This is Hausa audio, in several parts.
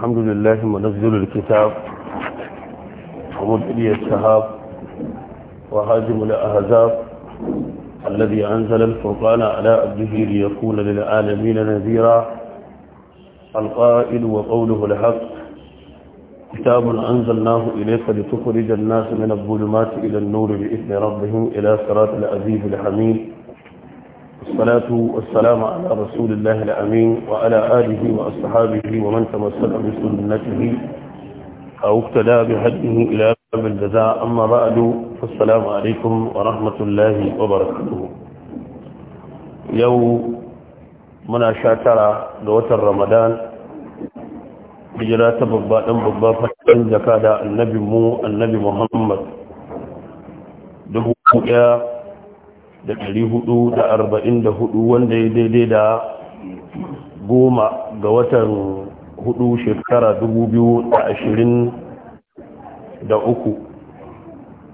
الحمد لله منزل الكتاب ومدئي الشهاب وهاجم الأهزاب الذي أنزل الفرقان على أبده ليكون للعالمين نذيرا القائل وقوله الحق كتاب أنزلناه إليك لتخرج الناس من الظلمات إلى النور بإذن ربهم إلى صراط العزيز الحميد والصلاة والسلام على رسول الله الأمين وعلى آله وأصحابه ومن تمسك بسنته أو اقتدى بهديه إلى باب الجزاء أما بعد فالسلام عليكم ورحمة الله وبركاته يوم منا شاكرا tara رمضان watan ramadan hijira ta زكادا النبي مو النبي محمد da da ɗari hudu da arba'in da hudu wanda ya daidai da goma ga watan hudu shekara dubu biyu da ashirin da uku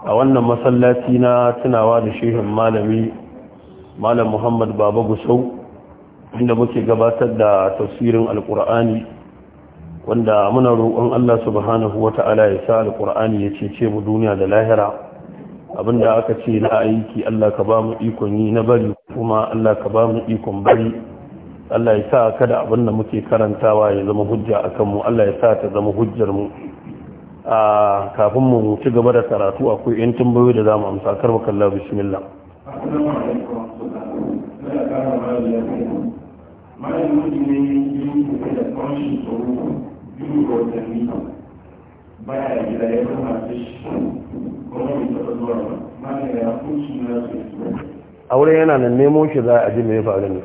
a wannan masallaci na tunawa da shehin malami malam muhammad baba gusau inda muke gabatar da tafsirin alkur'ani wanda muna roƙon allah subhanahu wa ta'ala ya sa alkur'ani ya cece mu duniya da lahira abinda aka ce na aiki Allah ka ba mu ikon yi na bari kuma Allah ka ba mu ikon bari Allah ya sa kada abinda muke karantawa ya zama hujja a kanmu Allah ya sa ta zama hujjar mu a kafin mu ci gaba da karatu akwai yan tambayoyi da zamu amsa karba kallah bismillah malamin ne yin da kwanci shekaru biyu ga watanni baya gida ya ta shi kuma zuwa ba ya na su yana nan nemo shi za a ji mai faru ne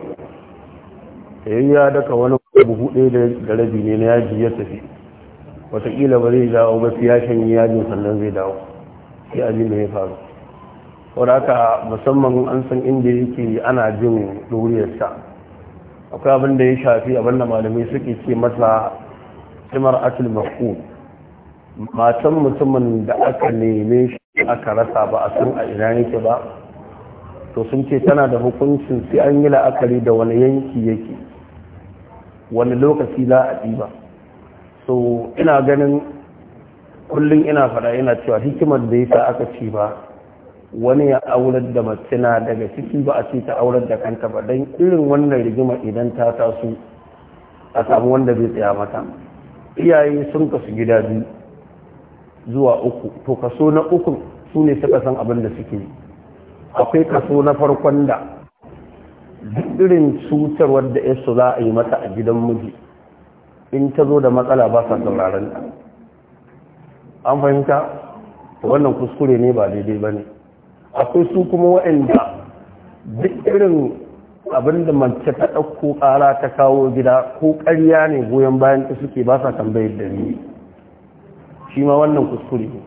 yi ya daka wani buhu ɗaya da rabi ne na yaji ya tafi watakila ba zai dawo ba sai ya shanye yajin sannan zai dawo sai a ji mai faru wadda haka musamman an san inda yake ana jin ɗoriyarsa akwai abin da ya shafi abin da malamai suke ce masa timar asil mafi matan mutumin da aka neme shi aka rasa ba a san a ina yake ba to sun ce tana da hukuncin sai an yi la'akari da wani yanki yake wani lokaci za a ɗiba so ina ganin kullum ina faɗa ina cewa hikimar da sa aka ci ba wani ya aurar da matsina daga ciki ba a ce ta aurar da kanta ba don irin wannan rigima idan ta taso a samu wanda bai tsaya mata iyaye sun kasu gida biyu zuwa uku to kaso na uku su ne suka san abin da suke yi akwai kaso na farkon da duk irin cutarwar da su za a yi mata a gidan miji in ta zo da matsala ba sa sauraron ta an fahimta wannan kuskure ne ba daidai ba ne akwai su kuma waɗanda duk irin da mace ta ɗauko ƙara ta kawo gida ko ƙarya ne goyon bayan ta suke ba sa tambayar da ni shi ma wannan kuskure ne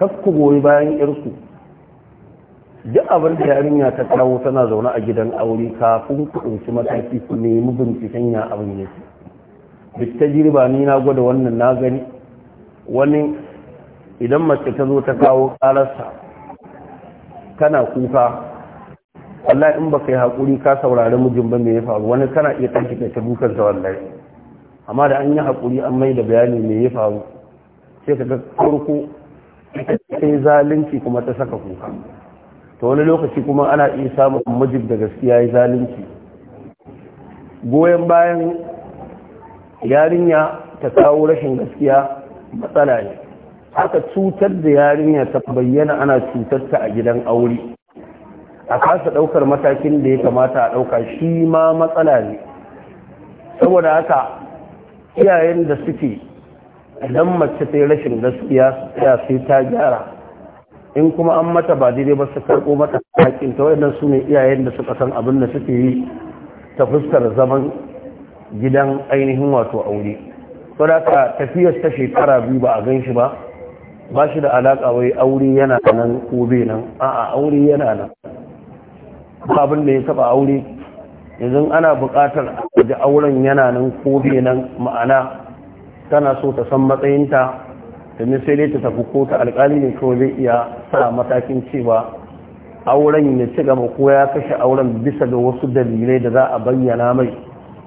kakku goyi bayan irsu duk abin da yarinya ta kawo tana zaune a gidan aure kafin ku ɗauki mataki ku nemi binciken ya abin ne duk ta jirba ni na gwada wannan na gani wani idan mace ta zo ta kawo karasa kana kuka wallahi in baka yi hakuri ka saurari mijin ba me ya faru wani kana iya tashi ta dukan sa wallahi amma da an yi hakuri an mai da bayani me ya faru sai ka ga kurku yi zalunci kuma ta saka kuka Ta wani lokaci kuma ana iya samun majib da gaskiya ya zalunci goyon bayan yarinya ta kawo rashin gaskiya matsala ne Haka cutar da yarinya ta bayyana ana cutar ta a gidan aure a kasa daukar matakin da ya kamata a dauka shi ma matsala ne saboda haka iyayen da suke idan mace ta rashin gaskiya ya sai ta gyara in kuma an mata ba daidai ba su karɓo mata haƙin ta waɗannan su ne iyayen da suka san abin da suke yi ta fuskar zaman gidan ainihin wato aure saboda ka tafiyar ta shekara biyu ba a gan shi ba ba shi da alaƙa wai aure yana nan ko nan a'a aure yana nan abin da ya taɓa aure yanzu ana buƙatar da auren yana nan ko nan ma'ana tana so ta san matsayinta domin sai dai ta tafi ko ta alkali ne ko zai iya sa matakin cewa auren ya ci gaba ko ya kashe auren bisa ga wasu dalilai da za a bayyana mai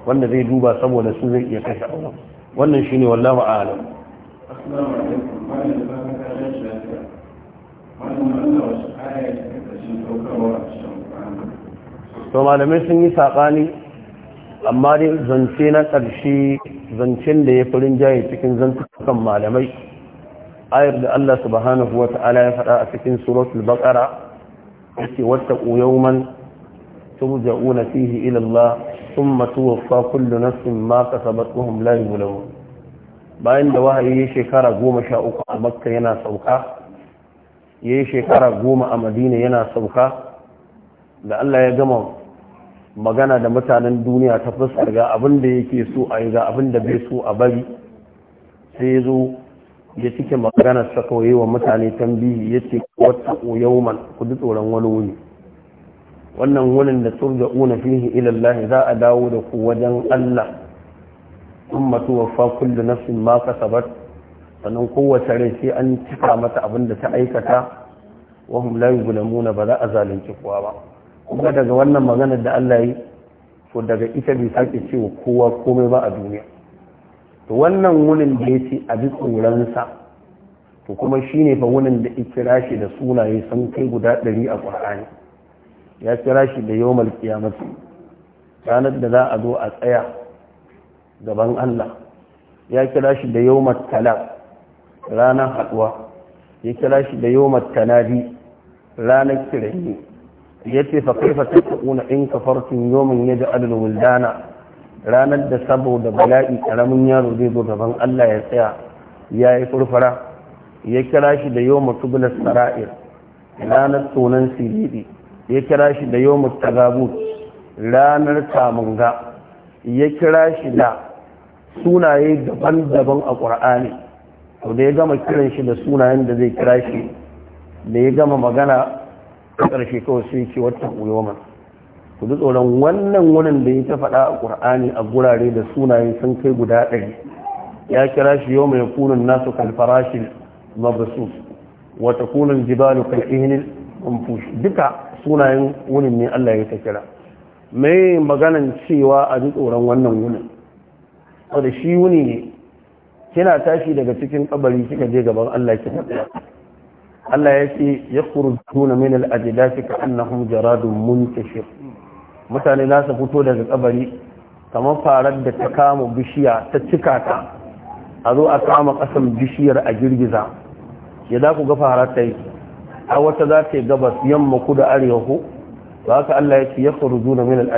wanda zai duba saboda su zai iya kashe auren wannan shine wallahu a'lam da da a cikin to malamai sun yi saƙani amma dai zance na ƙarshe zancen da ya farin jaye cikin zantukan malamai ayar da Allah subhanahu wa ta'ala ya faɗa a cikin suratul baqara yace wata yawman turja'una fihi ila Allah thumma tuwaffa kullu nafsin ma kasabat wa hum la yuzlamun bayan da wahayi ya shekara goma sha uku a makka yana sauka ya yi shekara goma a madina yana sauka da Allah ya gama magana da mutanen duniya ta fuskar ga abin da yake so a yi ga abin da bai so a bari sai ya zo ya cike maganar sa kawai wa mutane tambihi ya ce wata yawman ku ji tsoron wani wuni wannan wunin da da una fihi ilallahi za a dawo da ku wajen Allah in matu wafa kullu nafsin ma sabar sannan kowace rai sai an cika mata abin da ta aikata wahum hum la yuzlamuna ba za a zalunci kowa ba kuma daga wannan maganar da Allah yi to daga ita bai sake cewa kowa komai ba a duniya to wannan wunin da ya ce a bi tsoronsa to kuma shi ne fa wunin da ikira shi da sunaye sun kai guda ɗari a ƙwar'ani ya kira shi da ya kiyamati ranar da za a zo a tsaya gaban Allah ya kira shi da yau matala ranar haɗuwa ya kira shi da yawmal tanadi ranar kiranye yace fa kaifa tattaquna in kafartum yawmin yaj'alul wuldana ranar da saboda bala'i karamin yaro zai zo gaban Allah ya tsaya ya yi furfura ya kira shi da yawmu tubla sara'ir ranar tonan siridi ya kira shi da yawmu tagabut ranar tamunga ya kira shi da sunaye daban-daban a ƙur'ani to da ya gama kiran shi da sunayen da zai kira shi da ya gama magana a ƙarshe kawai sai ce wata ƙuyoma ku ji tsoron wannan wurin da ya ta faɗa a ƙur'ani a gurare da sunayen sun kai guda ɗari ya kira shi yau mai kunan nasu kalfarashin mabasu wata kunan jibalu kalfihinin amfushi duka sunayen wurin ne allah ya ta kira mai maganan cewa a ji tsoron wannan wurin wadda shi wuni ne kina tashi daga cikin kabari kika je gaban allah ki faɗa Allah ya ce ya kurutuna min al ka annahum jaradun muntashir mutane za su fito daga kabari kamar farar da ta kama bishiya ta cika ta a zo a kama kasan bishiyar a girgiza ya za ku ga farar ta yi a wata za ta yi gabas yamma ku da arewa ku ba ka Allah ya ce ya kurutuna min al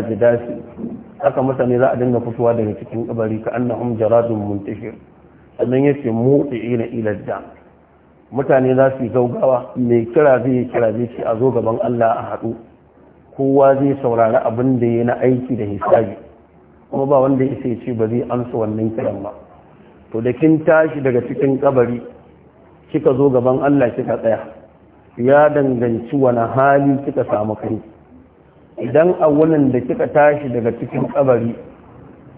haka mutane za a dinga fitowa daga cikin kabari ka annahum jaradun muntashir sannan ya ce mutu ila ila mutane za su yi gaugawa mai kira zai kira zai ce a zo gaban Allah a haɗu kowa zai saurari abin da ya na aiki da hisabi kuma ba wanda ya sai ce ba zai amsa wannan kiran ba to da kin tashi daga cikin kabari kika zo gaban Allah kika tsaya ya danganci wani hali kika samu kai idan a wannan da kika tashi daga cikin kabari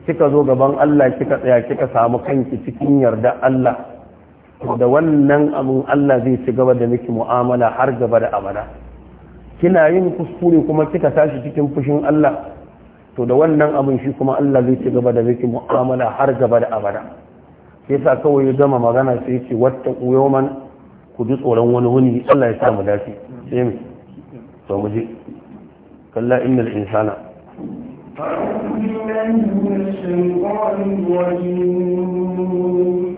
kika zo gaban Allah kika tsaya kika samu kanki cikin yarda Allah da wannan abin Allah zai ci gaba da miki mu'amala har gaba da abada kina yin kuskure kuma kika tashi cikin fushin Allah to da wannan abin shi kuma Allah zai ci gaba da miki mu'amala har gaba da abada sai sa kawai ya gama magana sai ya ce wata yawman ku ji tsoron wani wuni Allah ya sa mu dace sai mu to mu ji kalla innal insana أعوذ بالله من الشيطان الرجيم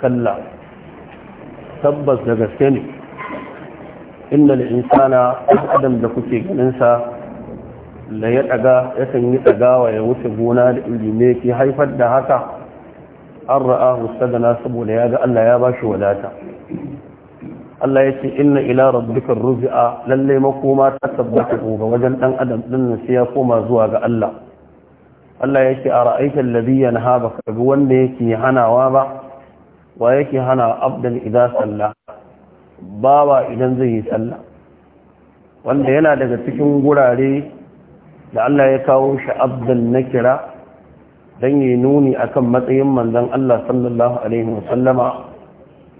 kalla tabbas da gaske ne inda da insana adam da kuke ganinsa da ya daga ya kan yi dagawa ya wuce gona da ilime ke haifar da haka an ra'a na saboda ya ga Allah ya bashi wadata Allah ya ce inna ila dukan ruj'a lallai makoma ta tabbata ga wajen dan adam din nan sai ya koma zuwa ga Allah Allah ya ce a ra'aita alladhi yanha baka ga wanda yake hanawa ba wa yake hana abdan idan salla bawa idan zai yi salla wanda yana daga cikin gurare da Allah ya kawo shi abdan na kira don yi nuni akan matsayin manzon Allah sallallahu alaihi wasallama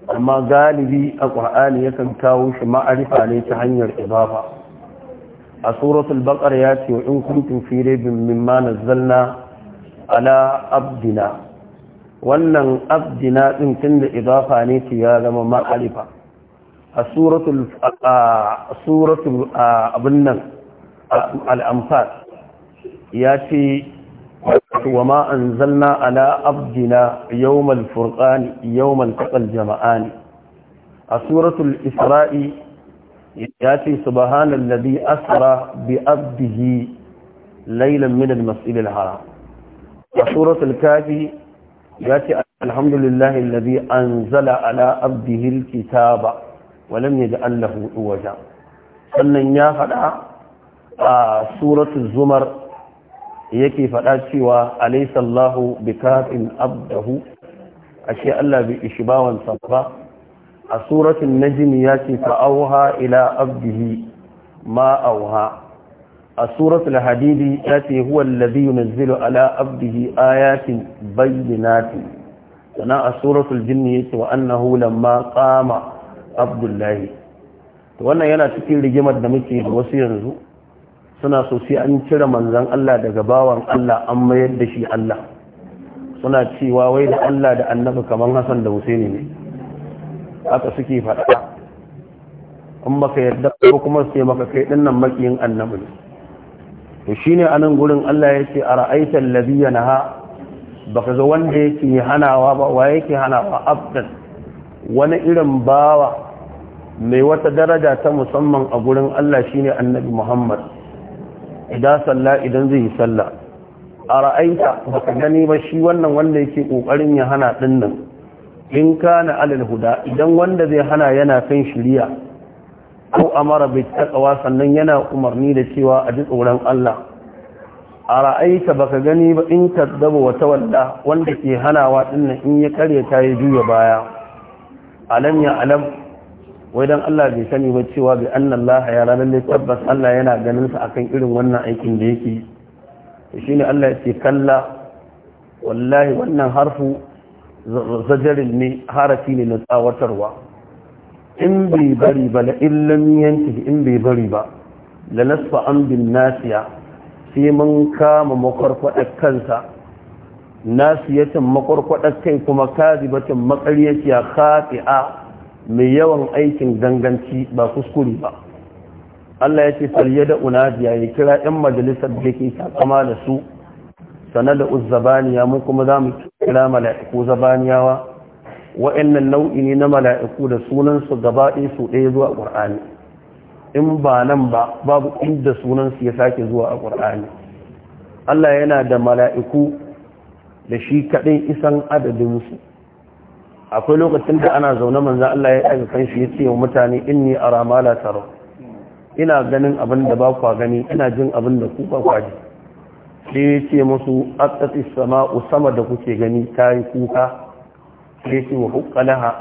amma galibi a ƙur'ani yakan kawo shi ma'arifa ne ta hanyar Ibafa. a suratul bakar ya ce in kuntun fi raibin mimma nazzalna ala abdina wannan abdina din tunda idafa ne ce ya zama ma'arifa a suratul a abin nan al-anfal ya ce wa ma zanna ala abdina yawmal furqan yawmal taqal jama'an a suratul isra'i ya ce subhanallazi asra bi abdihi laylan min al haram a suratul kafi ya ce alhamdulillah alladhi anzala ala abdihi alkitaba wa lam yaj'al lahu wajen. sannan ya fada a suratul zumar yake fada cewa alaysa allahu bikafin abdahu ashe Allah bi ishi bawan ba a suratul najm ya ce fa auha ila abdihi ma auha a suratul hadidi ta ce huwa allazi yunzilu ala abdihi ayatin bayyinatin sana a suratul jinni yace wa annahu lamma qama abdullahi to wannan yana cikin rigimar da muke da wasu yanzu suna so sai an cire manzon Allah daga bawan Allah an mayar da shi Allah suna cewa wai da Allah da annabi kaman Hassan da Husaini ne haka suke faɗa in baka yarda ko kuma sai maka kai dinnan makiyin annabi ne to shine anan gurin Allah ya ce ara'aita allazi yanha baka ga wanda yake hanawa ba wa yake hanawa abdan wani irin bawa mai wata daraja ta musamman a gurin Allah shine annabi Muhammad idan sallah idan zai sallah a ra'aita baka gani ba shi wannan wanda yake kokarin ya hana dinnan in kana alal huda idan wanda zai hana yana kan shiriya ko amara ta takawa sannan yana umarni da cewa a ji tsoron Allah a ra'aita baka gani ba in kaddaba wata tawalla wanda ke hanawa dinnan in ya kare ta ya juya baya alam ya alam wai dan Allah bai sani ba cewa bi Allah ya lalle tabbas Allah yana ganin sa akan irin wannan aikin da yake shine Allah yake kalla wallahi wannan harfu zajarin ne harafi ne na tsawatarwa in bai bari ba la illan yanki in bai bari ba la nasfa an bin nasiya sai mun kama makwarkwadar kansa nasiyatin makwarkwadar kai kuma kazibatan makaryaciya a mai yawan aikin danganci ba kuskure ba Allah ya ce salye da unajiya ya kira 'yan majalisar da ke takama da su sanar da uzzabaniya mun kuma za mu kira mala'iku zabaniyawa wa'annan nau'i ne na mala'iku da sunansu gaba ɗaya su ɗaya zuwa ƙur'ani in ba nan ba babu inda sunansu ya sake zuwa a ƙur'ani Allah yana da mala'iku da shi kaɗai isan adadinsu akwai lokacin da ana zaune manzan Allah ya aika shi ya ce wa mutane inni ara ramala taro ina ganin abin da ba kwa gani ina jin abin da ku ba kwa ji sai ya ce musu aqatis sama da kuke gani ta yi kuka sai ce wa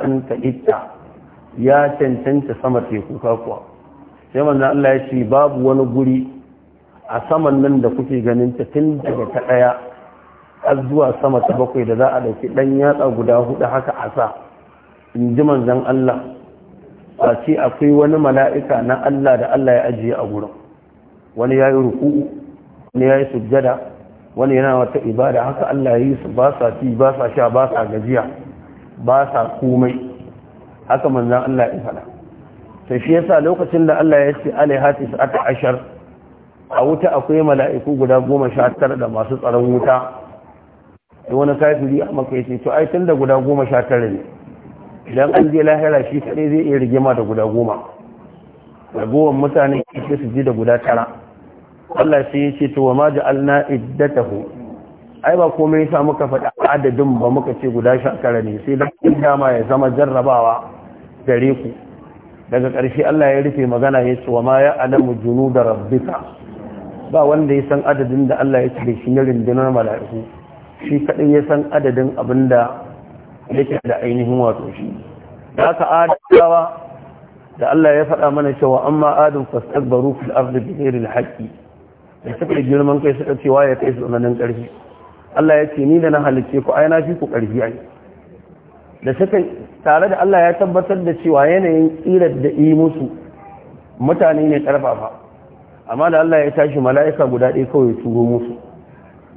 an ta ita ya cancanta sama teku kakuwa sai manna Allah ya ce babu wani guri a saman nan da kuke ganin ta tun daga ta ɗaya har zuwa sama ta bakwai da za a ɗauki ɗan yatsa guda hudu haka a sa in ji manzan Allah a ce akwai wani mala'ika na Allah da Allah ya ajiye a gurin wani ya yi ruku'u wani ya yi sujjada wani yana wata ibada haka Allah ya yi su ba sa ci ba sa sha ba sa gajiya ba sa komai haka manzan Allah ya fada sai shi yasa lokacin da Allah ya ce alaihati sa'ata ashar a wuta akwai mala'iku guda goma sha da masu tsaron wuta da wani kafiri a maka ya to ai tun da guda goma sha ne idan an je lahira shi kaɗai zai iya rigima da guda goma ragowar mutane ke su ji da guda tara Allah sai ya ce to wa ma ja'alna iddatahu ai ba komai sa muka faɗa adadin ba muka ce guda sha ne sai dan dama ya zama jarrabawa gare ku daga ƙarshe Allah ya rufe magana ya ce wa ma ya alamu junu da rabbika ba wanda ya san adadin da Allah ya cire shi na rundunar mala'iku shi kaɗai ya san adadin abin da yake da ainihin wato shi da aka adadawa da Allah ya faɗa mana cewa amma adam fastakbaru fil ardi bi ghairi da suka girman kai suka cewa ya kai su tsananin ƙarfi Allah ya ce ni da na halicce ku ai na fi ku ƙarfi ai da suka tare da Allah ya tabbatar da cewa yanayin tsirar da yi musu mutane ne ƙarfafa amma da Allah ya tashi mala'ika guda ɗaya kawai turo musu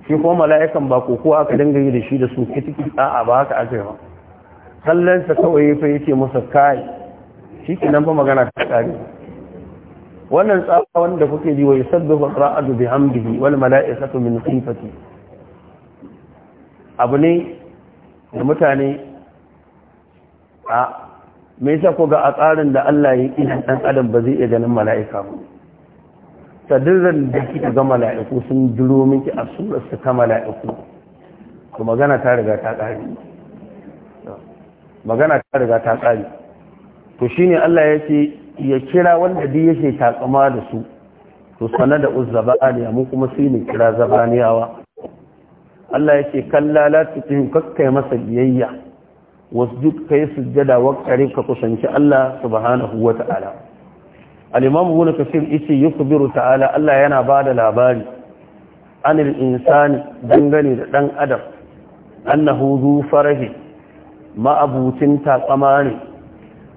shi kuma mala'ikan ba ko kowa aka dinga yi da shi da su kitiki a'a ba haka aka yi ba kallonsa kawai ya fa ce musu kai shi ke nan fa magana ta tsari wannan tsawa wanda kuke ji wa yusabbihu ra'adu bihamdihi wal mala'ikatu min khifati abu ne da mutane a mai sako ko ga a tsarin da Allah ya yi ɗan adam ba zai iya ganin mala'ika ba sadirin da kika ga mala'iku sun duro minki a surar su ta mala'iku to magana ta riga ta ƙari magana ta riga ta ƙari to shine Allah ya ce ya kira wanda duk yake takama da su to sana da uzza ba'aliya kuma sai ne kira zabaniyawa Allah ya ce kalla la tutihim kakkai masa biyayya wasjud kai sujjada wa qarib ka kusanci Allah subhanahu wa ta'ala al-imam ibn kasir yace yukbiru ta'ala Allah yana bada labari anil insani dangane da dan adam annahu zu farahi ma'abutin taqama ne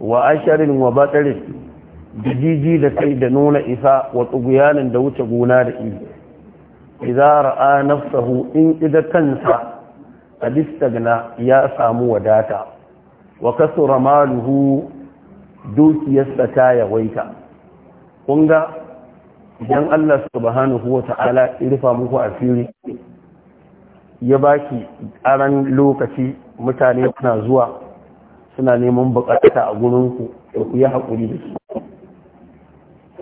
wa asharin wa batarin da kai da nuna isa wa tsuguyanin da wuce gona da ido idza ra'a nafsahu in ida kansa adistagna ya samu wadata wa kasura maluhu dukiyarsa ta yawaita kun ga idan Allah subhanahu wa ta'ala ya muku asiri ya baki aran lokaci mutane suna zuwa suna neman bukata a gurin da ku yi haƙuri da su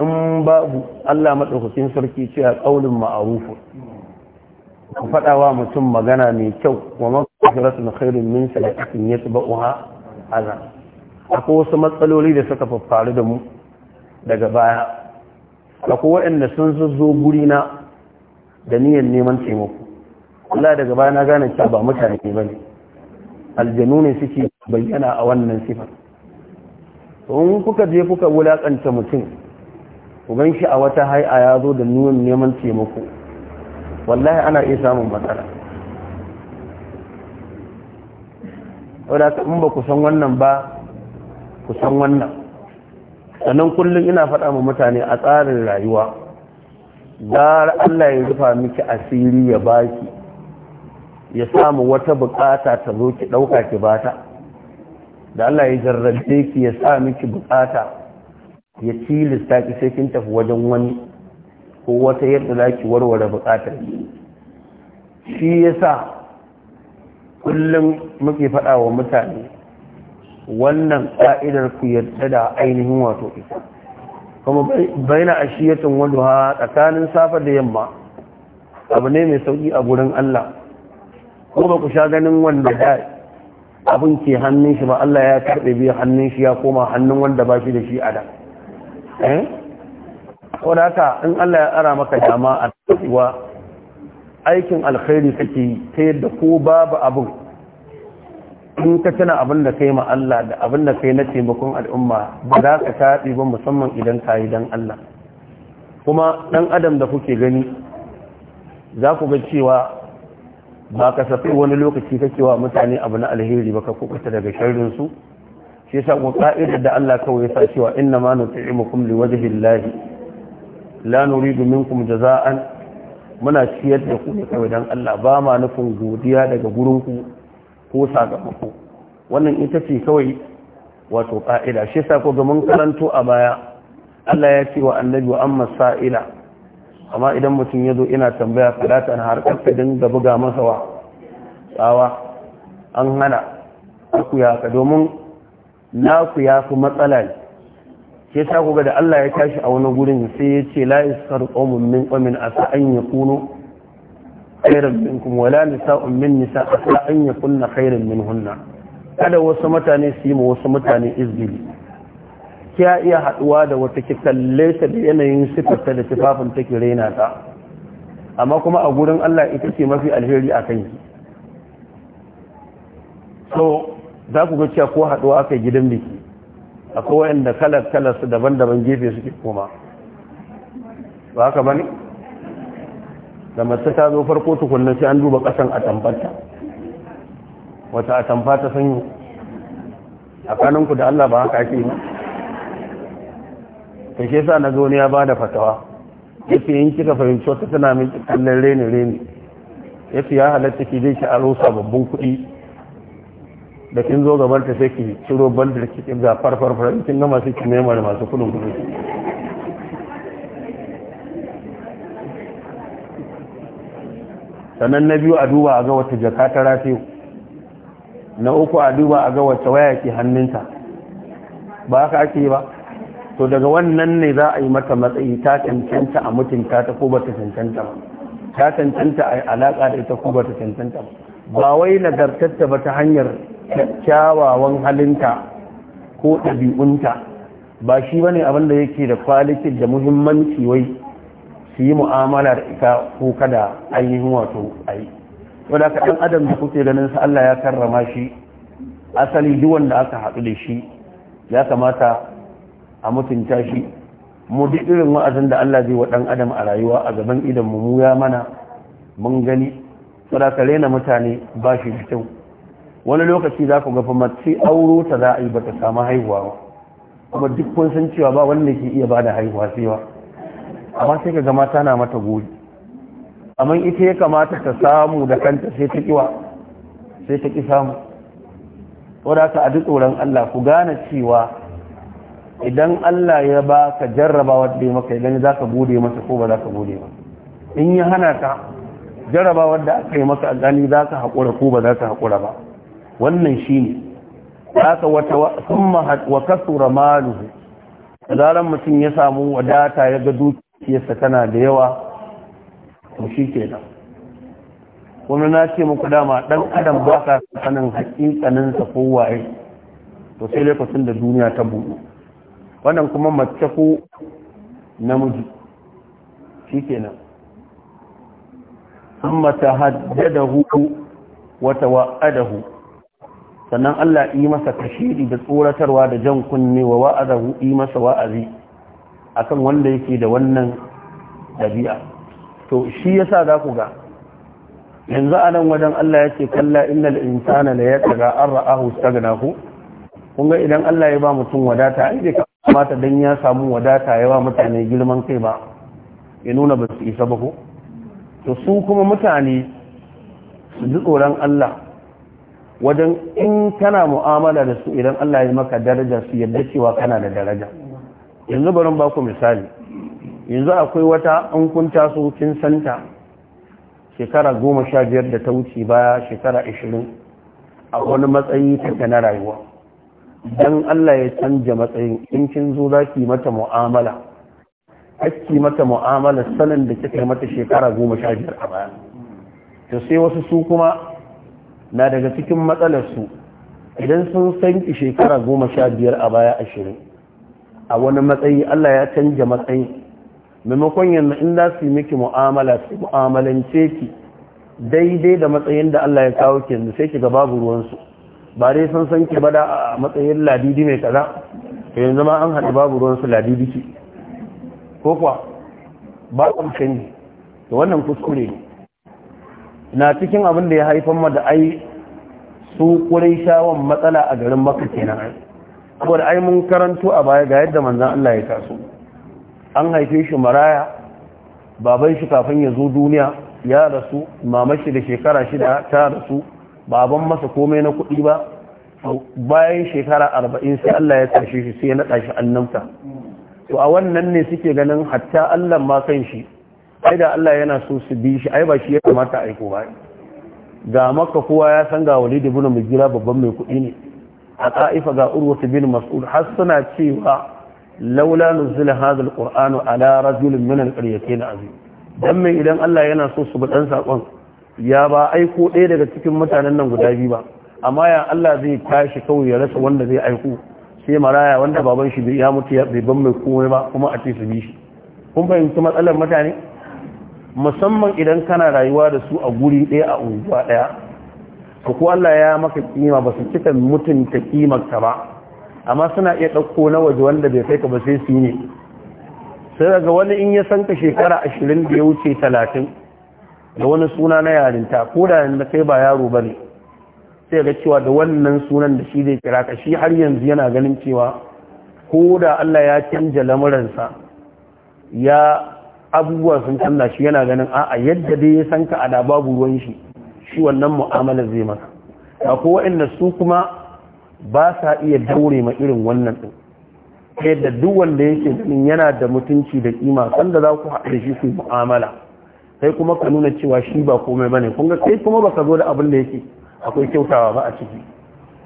in babu Allah madaukakin sarki ce a qaulun ma'ruf ku faɗawa mutum magana mai kyau wa maghfiratun khairun min sadaqatin yatba'uha aza. akwai wasu matsaloli da suka faru da mu daga baya akwai waɗanda sun zo gurina da niyyar neman taimako Allah daga baya na gane cewa ba mutane ba ne aljanu ne suke bayyana a wannan sifar in kuka je kuka wulakanta mutum ku ban shi a wata hai'a ya zo da nuwan neman taimako wallahi ana iya samun matsala wadda in ba ku san wannan ba ku san wannan sannan kullum ina faɗa ma mutane a tsarin rayuwa gara Allah ya rufa miki asiri ya baki ya samu wata bukata ta zo ki ɗauka ki bata da Allah ya jarrabe ki ya sa miki bukata ya ci ki sai kin tafi wajen wani ko wata yadda za ki warware bukatar shi ya sa kullum muke faɗa wa mutane wannan ƙa'idar ku yadda da ainihin wato ita kuma baina a shiyatun wadu ha tsakanin safa da yamma abu ne mai sauƙi a gurin Allah ko ba ku sha ganin wanda da abin ke hannun shi ba Allah ya karɓe biya hannun shi ya koma hannun wanda ba shi da shi a da eh wadda haka in Allah ya ara maka dama a aikin alkhairi kake yi ta yadda ko babu abin in ka tana abin da kai ma Allah da abin da kai na taimakon al'umma ba za ka taɗi ba musamman idan ka yi don Allah kuma ɗan adam da kuke gani za ku ga cewa ba ka safi wani lokaci kake wa mutane abu na alheri ba ka kuɓuta daga su shi yasa ku ka'idar da Allah kawai ya sa cewa inna ma nut'imukum liwajhi Allah la nuridu minkum jaza'an muna ciyar da ku ne kawai dan Allah ba ma nufin godiya daga gurin ku ko sakamako wannan ita ce kawai wato ka'ida shi yasa ko ga mun karanto a baya Allah ya ce wa annabi wa amma sa'ila amma idan mutum ya zo ina tambaya falatan har karka dinga buga masa wa tsawa an hana ku ya ka domin Na ku ya fi matsala ne ke sa ku da Allah ya tashi a wani gurin sai ya ce la iskar qawmun min qawmin asa an yakunu khairan minkum wala nisa'un min nisa asa an yakunna khairan minhunna kada wasu mutane su yi ma wasu mutane izbili kiya iya haɗuwa da wata ki kalle ta da yanayin sifarta da tufafin take raina ta amma kuma a gurin Allah ita ce mafi alheri a kanki so za ku ga cewa ko haɗuwa aka gidan biki akwai wa'anda kalar kalar su daban-daban gefe suke koma ba haka bane da mace ta zo farko tukunna sai an duba kasan a tambata wata a tambata sun yi a kaninku da Allah ba haka ake yi ta ke sa na zo ne ya ba da fatawa ya fi yin kika fahimci wata tana miki kallon reni reni ya fi ya halatta ki zai ki aro babban kuɗi da kin zo gaban ta sai ki ciro bandar ki ga farfar farin kin ga masu ki nema da masu kudin kudi sannan na biyu a duba a ga wata jaka ta rafiyo na uku a duba a ga wata waya ke hannunta ba haka ake ba to daga wannan ne za a yi mata matsayi ta cancanta a mutunta ta ko ba ta cancanta ba ta cancanta a alaƙa da ita ko ba ta cancanta ba ba wai nagartatta ba ta hanyar kyawawan halinta ko ɗabi'unta ba shi ba ne abinda yake da kwaliki da muhimmanci wai su yi mu'amala da ita ko kada ainihin wato a yi wadda ka ɗan adam da kuke ganin su Allah ya karrama shi asali duwan da aka haɗu da shi ya kamata a mutunta shi mu duk irin wa'azin da Allah zai wa ɗan adam a rayuwa a gaban idan mu ya mana mun gani wadda ka rena mutane ba shi da kyau wani lokaci za ku ga fa mace auro ta za a yi ba ta haihuwa ba kuma duk kun san cewa ba wanda ke iya bada haihuwa sai ba amma sai ka ga mata na mata gori amma ita ya kamata ta samu da kanta sai ta kiwa sai ta ki samu wadata a duk tsoron Allah ku gane cewa idan Allah ya ba ka jarraba wadda maka idan za ka bude masa ko ba za ka bude ba in yi hana ka jarraba wadda aka yi maka a gani za ka haƙura ko ba za ka haƙura ba wannan shi ne haka wata thumma wa kasura maluhu zaren mutum ya samu wadata ya ga dukiyarsa tana da yawa to nan. kuma na ce muku dama dan adam ba ka sanin hakikanin sa ko waye to sai lokacin da duniya ta buɗe wannan kuma mace ko namiji Shi ke shikenan amma ta haddadahu wa tawa'adahu sannan Allah yi masa kashiri da tsoratarwa da jan kunne wa wa'azahu yi masa wa'azi akan wanda yake da wannan dabi'a to shi yasa za ku ga yanzu a nan wajen Allah yake kalla innal insana la yatgha an ra'ahu istaghna ku kun ga idan Allah ya ba mutum wadata ai bai kamata dan ya samu wadata ya ba mutane girman kai ba ya nuna ba su isa ba ko to su kuma mutane su ji tsoron Allah wajen in kana mu'amala da su idan Allah ya maka daraja su yadda cewa kana da daraja yanzu barin baku misali yanzu akwai wata an kunta su kin santa shekara goma sha biyar da ta wuce baya shekara ashirin a wani matsayi ta na rayuwa dan Allah ya canja matsayin in kin zo za ki mata mu'amala aki mata mu'amala sanin da kika mata shekara goma sha biyar a baya to sai wasu su kuma na daga cikin matsalarsu idan sun sanki shekara goma sha biyar a baya ashirin a wani matsayi Allah ya canja matsayi maimakon yanzu in za su yi miki mu'amala su mu'amalance ki daidai da matsayin da Allah ya kawo ki yanzu sai ki ga babu ruwansu ba dai sun san ki bada a matsayin ladidi mai kaza yanzu ma an haɗu babu ruwansu ladidi ki ko kuwa ba ku canji to wannan kuskure ne na cikin abin da ya haifar ma da ai su kurai shawon matsala a garin maka kenan da ai mun karanto a baya ga yadda manzan Allah ya taso an haife shi maraya baban shi kafin ya zo duniya ya rasu shi da shekara shida ta rasu baban masa komai na kuɗi ba bayan shekara arba'in sai Allah ya tashe shi sai ya naɗa shi annabta to a wannan ne suke ganin hatta Allah ma kan shi ai da Allah yana so su bi shi ai ba shi ya kamata a aiko ba ga maka kowa ya san ga walidi ibn mujira babban mai kuɗi ne a ta'ifa ga urwa bin mas'ud har suna cewa laula nuzul hadha alqur'anu ala rajul min na azim dan mai idan Allah yana so su bi dan sakon ya ba aiko ɗaya daga cikin mutanen nan guda biyu ba amma ya Allah zai tashi kawai ya rasa wanda zai aiko sai maraya wanda baban shi ya mutu ya bai ban mai komai ba kuma a ce su bi shi kun fahimci matsalar mutane musamman idan kana rayuwa da su a guri ɗaya a unguwa ɗaya ko Allah ya maka kima ba su cika mutunta kimarka ba amma suna iya ɗauko na waje wanda bai kai ka ba sai su ne sai daga wani in ya san ka shekara ashirin da ya wuce talatin da wani suna na yarinta ko da yanzu kai ba yaro ba ne sai ga cewa da wannan sunan da shi zai kira ka shi har yanzu yana ganin cewa ko da Allah ya canja lamuransa ya abubuwa sun canza shi yana ganin a'a yadda dai ya san ka a babu ruwan shi shi wannan mu'amalar zai maka da ko waɗanda su kuma ba sa iya daure ma irin wannan ɗin ta yadda duk wanda yake ganin yana da mutunci da kima sanda za ku haɗe shi ku mu'amala sai kuma ka nuna cewa shi ba komai bane kun ga kai kuma baka zo da abin da yake akwai kyautawa ba a ciki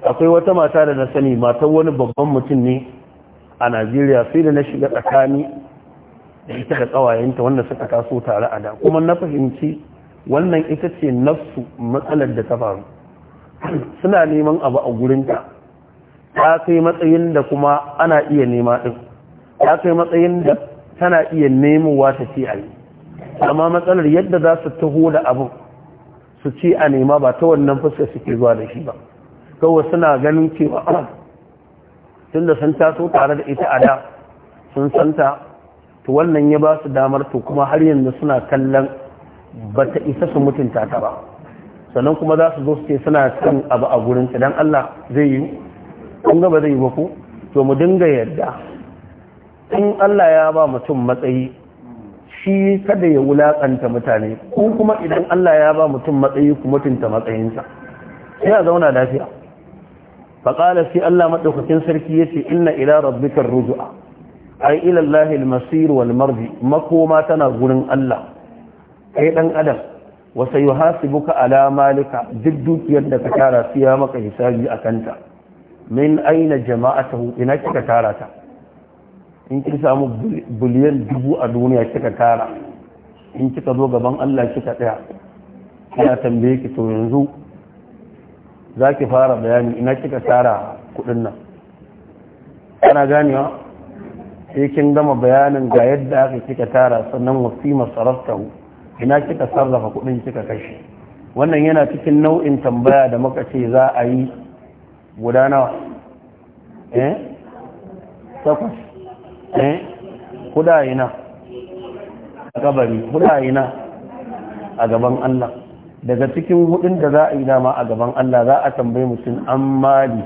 akwai wata mata da na sani matar wani babban mutum ne a Najeriya sai da na shiga tsakani da ita da tsawayenta wanda suka taso tare a da kuma na fahimci wannan ita ce nafsu matsalar da ta faru suna neman abu a gurinta ta kai matsayin da kuma ana iya nema din ta kai matsayin da tana iya nemowa ta ce a yi amma matsalar yadda za su taho da abu su ce a nema ba ta wannan fuska suke zuwa da shi ba kawai suna ganin cewa tun da sun taso tare da ita a da sun santa to wannan ya ba su damar to kuma har yanzu suna kallon ba ta isa su mutunta ta ba sannan kuma za su zo su ce suna cin abu a gurin ta dan Allah zai yi kun ga ba zai yi ba ku to mu dinga yarda in Allah ya ba mutum matsayi shi kada ya wulakanta mutane ko kuma idan Allah ya ba mutum matsayi ku mutunta matsayinsa sai a zauna lafiya faqala sai Allah maɗaukakin sarki yace inna ila rabbikar rujua ai ilallahi masir wal marji makoma tana gurin Allah kai dan adam wa sayuhasibuka ala malika duk dukiyar da ka tara siya maka hisabi akanta min aina jama'atahu ina kika tara ta in kin samu biliyan dubu a duniya kika tara in kika zo gaban Allah kika tsaya ina tambaye ki to yanzu zaki fara bayani ina kika tara kudin nan kana ganewa sai kin gama bayanin ga yadda aka kika tara sannan wasima sarrafahu ina kika sarrafa kuɗin kika kashe wannan yana cikin nau'in tambaya da muka ce za a yi guda nawa eh takwas eh na a gabari na a gaban Allah daga cikin hudun da za a yi dama a gaban Allah za a tambaye mutum an mali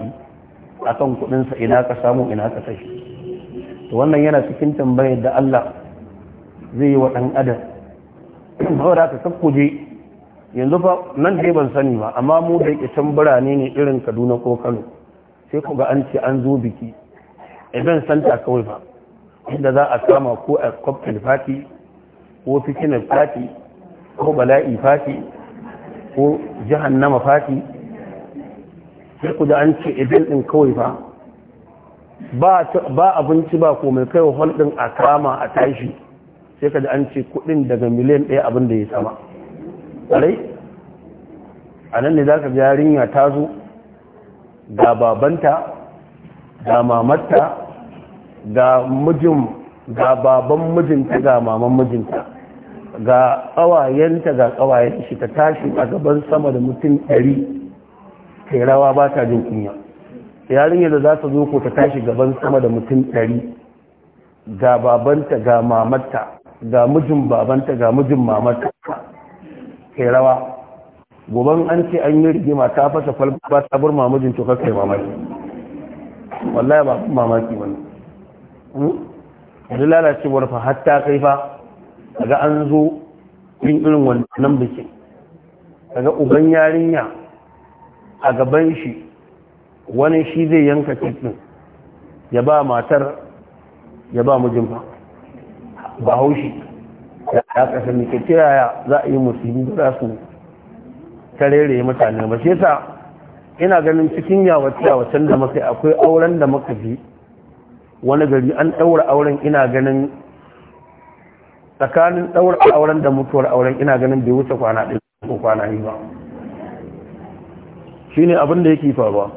akan kuɗinsa, ina ka samu ina ka tashi to wannan yana cikin tambayar da Allah zai yi wa ɗan adam saboda haka je yanzu fa nan dai ban sani ba amma mu da yake can birane ne irin Kaduna ko Kano sai ku ga an ce an zo biki idan santa kawai ba inda za a kama ko a cocktail fati ko fitinar fati ko bala'i fati ko jahannama fati sai ku da an ce idan din kawai ba ba abinci ba komai kai wa hulɗin a kama a tashi sai ka da an ce kudin daga miliyan ɗaya abin da ya sama ƙwarai a nan ne za ka yarinya ta zo ga babanta ga mamarta ga mijin ga baban mijinta ga maman mijinta ga ƙawayenta ga ƙawayen shi ta tashi a gaban sama da mutum ɗari kai rawa ba ta jin kunya yarinyar da za ta zo ko ta tashi gaban sama da mutum ɗari ga babanta ga mamata ga mijin babanta ga mijin mamata kai rawa goban an ce an yi rigima ta fasa falba ta bar mamajin to kai mamaki wallahi ba mamaki wani hmm? da lalacewar fa hatta kai fa daga an zo yin irin wannan bikin daga uban yarinya a gaban shi wani shi zai yanka cikin ya ba matar ya ba mujin ba ba haushi ya kasar ne ke yaya za a yi musulmi da su tarere mutane ba shi ina ganin cikin yawace wacan da maka akwai auren da maka fi wani gari an ɗaura auren ina ganin tsakanin ɗaura auren da mutuwar auren ina ganin bai wuce kwana ɗin ko kwana yi ba shi ne abin da yake faruwa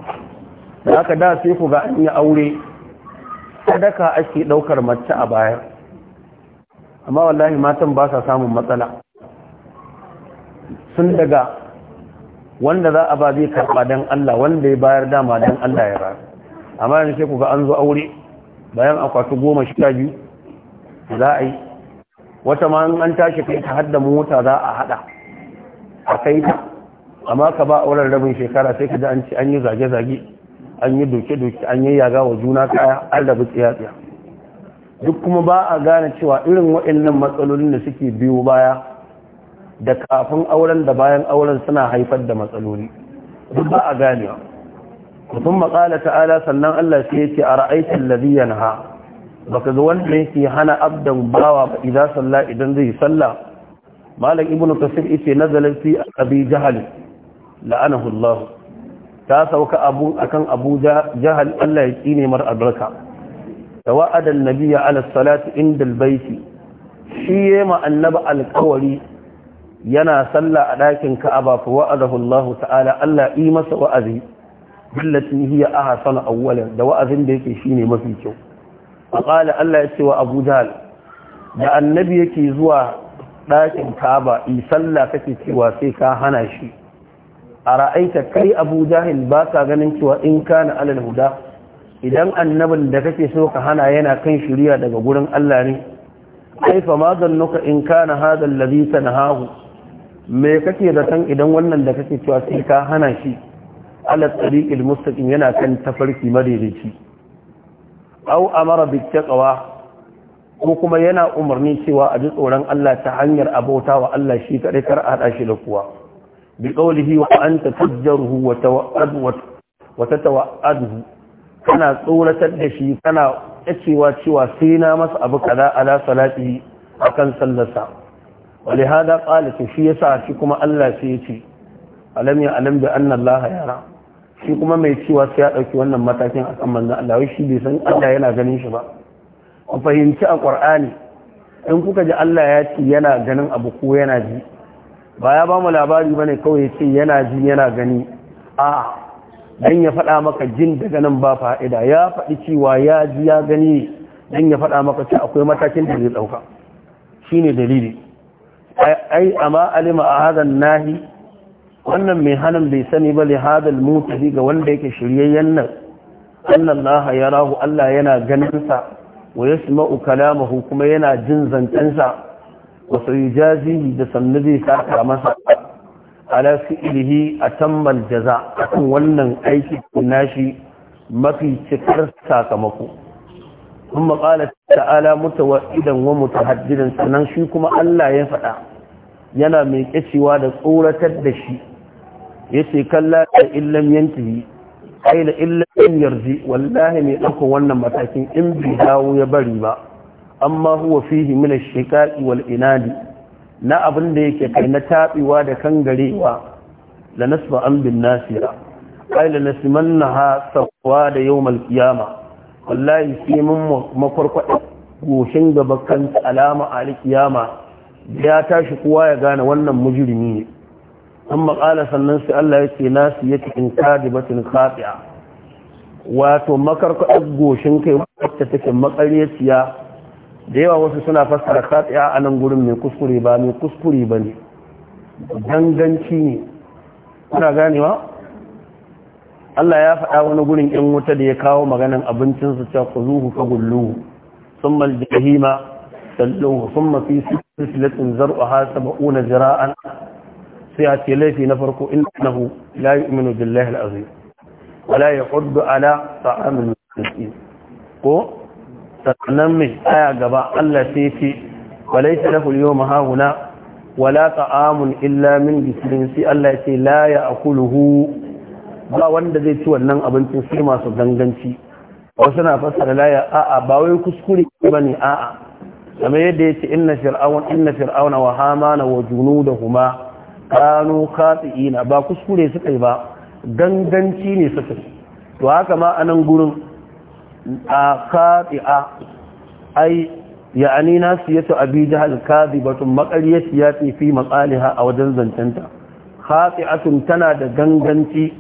da aka da sai ku ga an yi aure sadaka ake ɗaukar mace a baya amma wallahi matan ba sa samun matsala sun daga wanda za a ba zai karɓa don Allah wanda ya bayar dama don Allah ya bayar amma yanzu sai ku ga an zo aure bayan akwati goma sha biyu za a yi wata ma an tashi kai ta hadda mota za a hada a kai ta amma ka ba auren rabin shekara sai ka ji an yi zage-zage an yi doke-doke an yi yaga wa juna kaya an rabu tsiyatsiya duk kuma ba a gane cewa irin waɗannan matsalolin da suke biyu baya da kafin auren da bayan auren suna haifar da matsaloli duk ba a gane mutum maƙala ala sannan Allah sai ya ce a ra'aitin ladiyan ha baka ga wanda yake hana abdan bawa ba iza sallah idan zai sallah malam ibnu kasir yace nazalat fi abi jahal la'anahu Allah ta sauka abu akan abu jahal Allah ya kine mar albarka tawa'ada annabi ala salati inda albayti shi yema annabi alkawari yana salla a ɗakin ka'aba fa wa'adahu Allah ta'ala Allah yi masa wa'azi billati Aha, Sana, awwalan da wa'azin da yake ne mafi kyau faqala Allah ya ce wa Abu da annabi yake zuwa ɗakin Kaaba in salla kake cewa sai ka hana shi a ra'aita kai abu jahil ba ka ganin cewa in kana alal huda idan annabin da kake so ka hana yana kan shirya daga gurin Allah ne ai fa ma zannuka in kana hadha alladhi tanhahu me kake da san idan wannan da kake cewa sai ka hana shi ala tariqil mustaqim yana kan tafarki madaidaici au amara bi taqwa ko kuma yana umarni cewa a ji tsoron Allah ta hanyar abota wa Allah shi kadai kar a haɗa shi da kuwa? بقوله وأنت تجره وتوأد وتتوأده كان Kana الدشي كان اتشوا تشوا سينا مس أبو كذا على صلاته أكن سلسا ولهذا قال في ساعتكما ألا سيتي ألم يعلم بأن الله يرى shi kuma mai cewa sai ya ɗauki wannan matakin akan manzan Allah wai shi bai san Allah yana ganin shi ba a fahimci a ƙwar'ani in kuka ji Allah ya yana ganin abu ko yana ji ba ya ba mu labari ba ne kawai ce yana ji yana gani a dan ya faɗa maka jin daga nan ba fa'ida ya faɗi cewa ya ji ya gani dan ya faɗa maka ce akwai matakin da zai ɗauka shi ne dalili ai amma alima a hadan nahi wannan mai hannun bai sani ba li hadal mutafi ga wanda yake shiryayyen nan ya yarahu Allah yana ganinsa. sa wa yasma'u kalamahu kuma yana jin zancensa wasu yujazihi da sannu zai saka masa ala ilihi a tammal jaza kan wannan aiki nashi mafi cikar sakamako kuma qala ta'ala mutawaidan wa mutahaddidan sanan shi kuma Allah ya faɗa yana mai kicewa da tsoratar da shi yace kalla da illan yantahi aina la illam yarji wallahi mai dauko wannan matakin in bi dawo ya bari ba amma huwa fihi min shiqaqi wal inadi na abin da yake kai na tabiwa da kangarewa la nasba an bin nasira ay la nasmannaha sawwa da yawm al-qiyama wallahi sai mun makwarkwada goshin gaba kan alama al-qiyama ya tashi kowa ya gane wannan mujrimi ne amma qala sannan sai Allah yake nasiyati in kadibatin khati'a wato makarkwadar goshin kai wacce take makaryaciya da yawa wasu suna fassara khati'a a nan gurin mai kuskure ba mai kuskure ba ne danganci ne kuna ganewa Allah ya faɗa wani gurin in wuta da ya kawo maganan abincinsu cewa ku zuhu ka gulluhu sun mal jahima salluhu sun mafi silsilatin zar'uha saba'una jira'an sai a ce laifi na farko innahu la yu'minu billahi al-azim wala yaquddu ala ta'amil miskin ko sannan mai aya gaba Allah sai ce walaysa lahu al-yawma hahuna wala ta'amun illa min gisirin sai Allah ya ce a Kuluhu. ba wanda zai ci wannan abincin sai masu ganganci wasu na fassara la ya a'a ba wai kuskure ne a'a kamar yadda yace inna fir'aun inna fir'auna wa hamana wa junudahuma kanu ina. ba kuskure suka yi ba ganganci ne suka to haka ma anan gurin khati'a ai ya'ani nasiyatu abi jahal kadibatu maqariyati yati fi maqaliha a wajen zancenta khati'atun tana da ganganci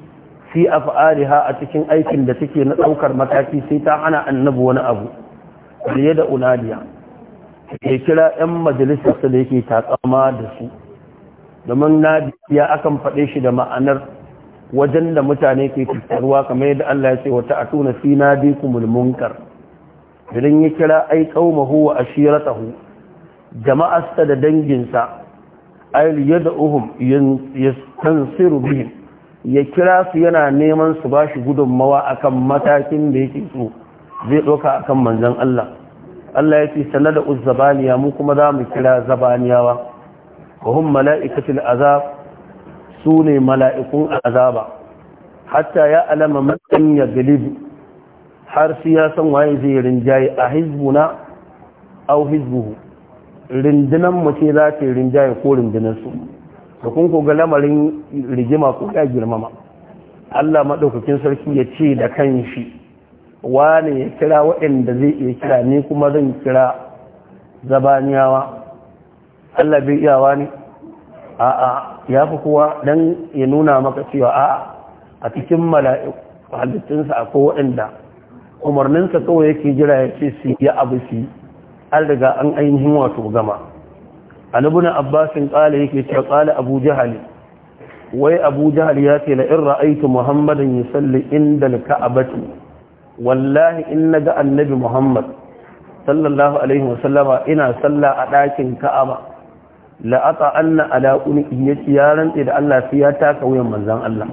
fi af'aliha a cikin aikin da take na daukar mataki sai ta hana annabi wani abu riya da unadiya ke kira yan majalisar da yake takama da su domin nadiya akan faɗe shi da ma'anar wajen da mutane ke fitarwa kamar yadda Allah ya ce wa ta'atuna fi nadikumul munkar idan ya kira ai qaumahu wa ashiratahu jama'arsa da danginsa ay yad'uhum yastansiru bihim ya kira su yana neman su bashi gudunmawa akan matakin da yake so zai doka akan manzon Allah Allah ya ce sanada uzzabaniya mu kuma za mu kira zabaniyawa wa hum mala'ikatul azab su ne mala'ikun azaba hatta ya alama matsayin ya galibu har su ya san waye zai rinjaye a hizbuna au hizbuhu rindunan mace za ta rinjaye ko rindunan su. da kun ko ga lamarin rigima ko ya girmama Allah maɗaukakin sarki ya ce da kan shi wane ya kira waɗanda zai iya kira ne kuma zan kira zabaniyawa Allah bai iyawa ne a'a ya fi kowa don ya nuna maka cewa a'a a cikin mala'iku halittunsa akwai waɗanda umarninsa kawai yake jira ya ce su ya abu su an riga an ainihin wato gama alibin abbasin ƙala yake ce ƙala abu jihali wai abu jihali ya ce la'in ra'aitu muhammadin ya salli inda ka'abatu wallahi in na ga annabi muhammad sallallahu alaihi wasallama ina salla a ɗakin ka'aba la'aqa anna ala in yace ya rantse da Allah sai ya taka wuyan manzan Allah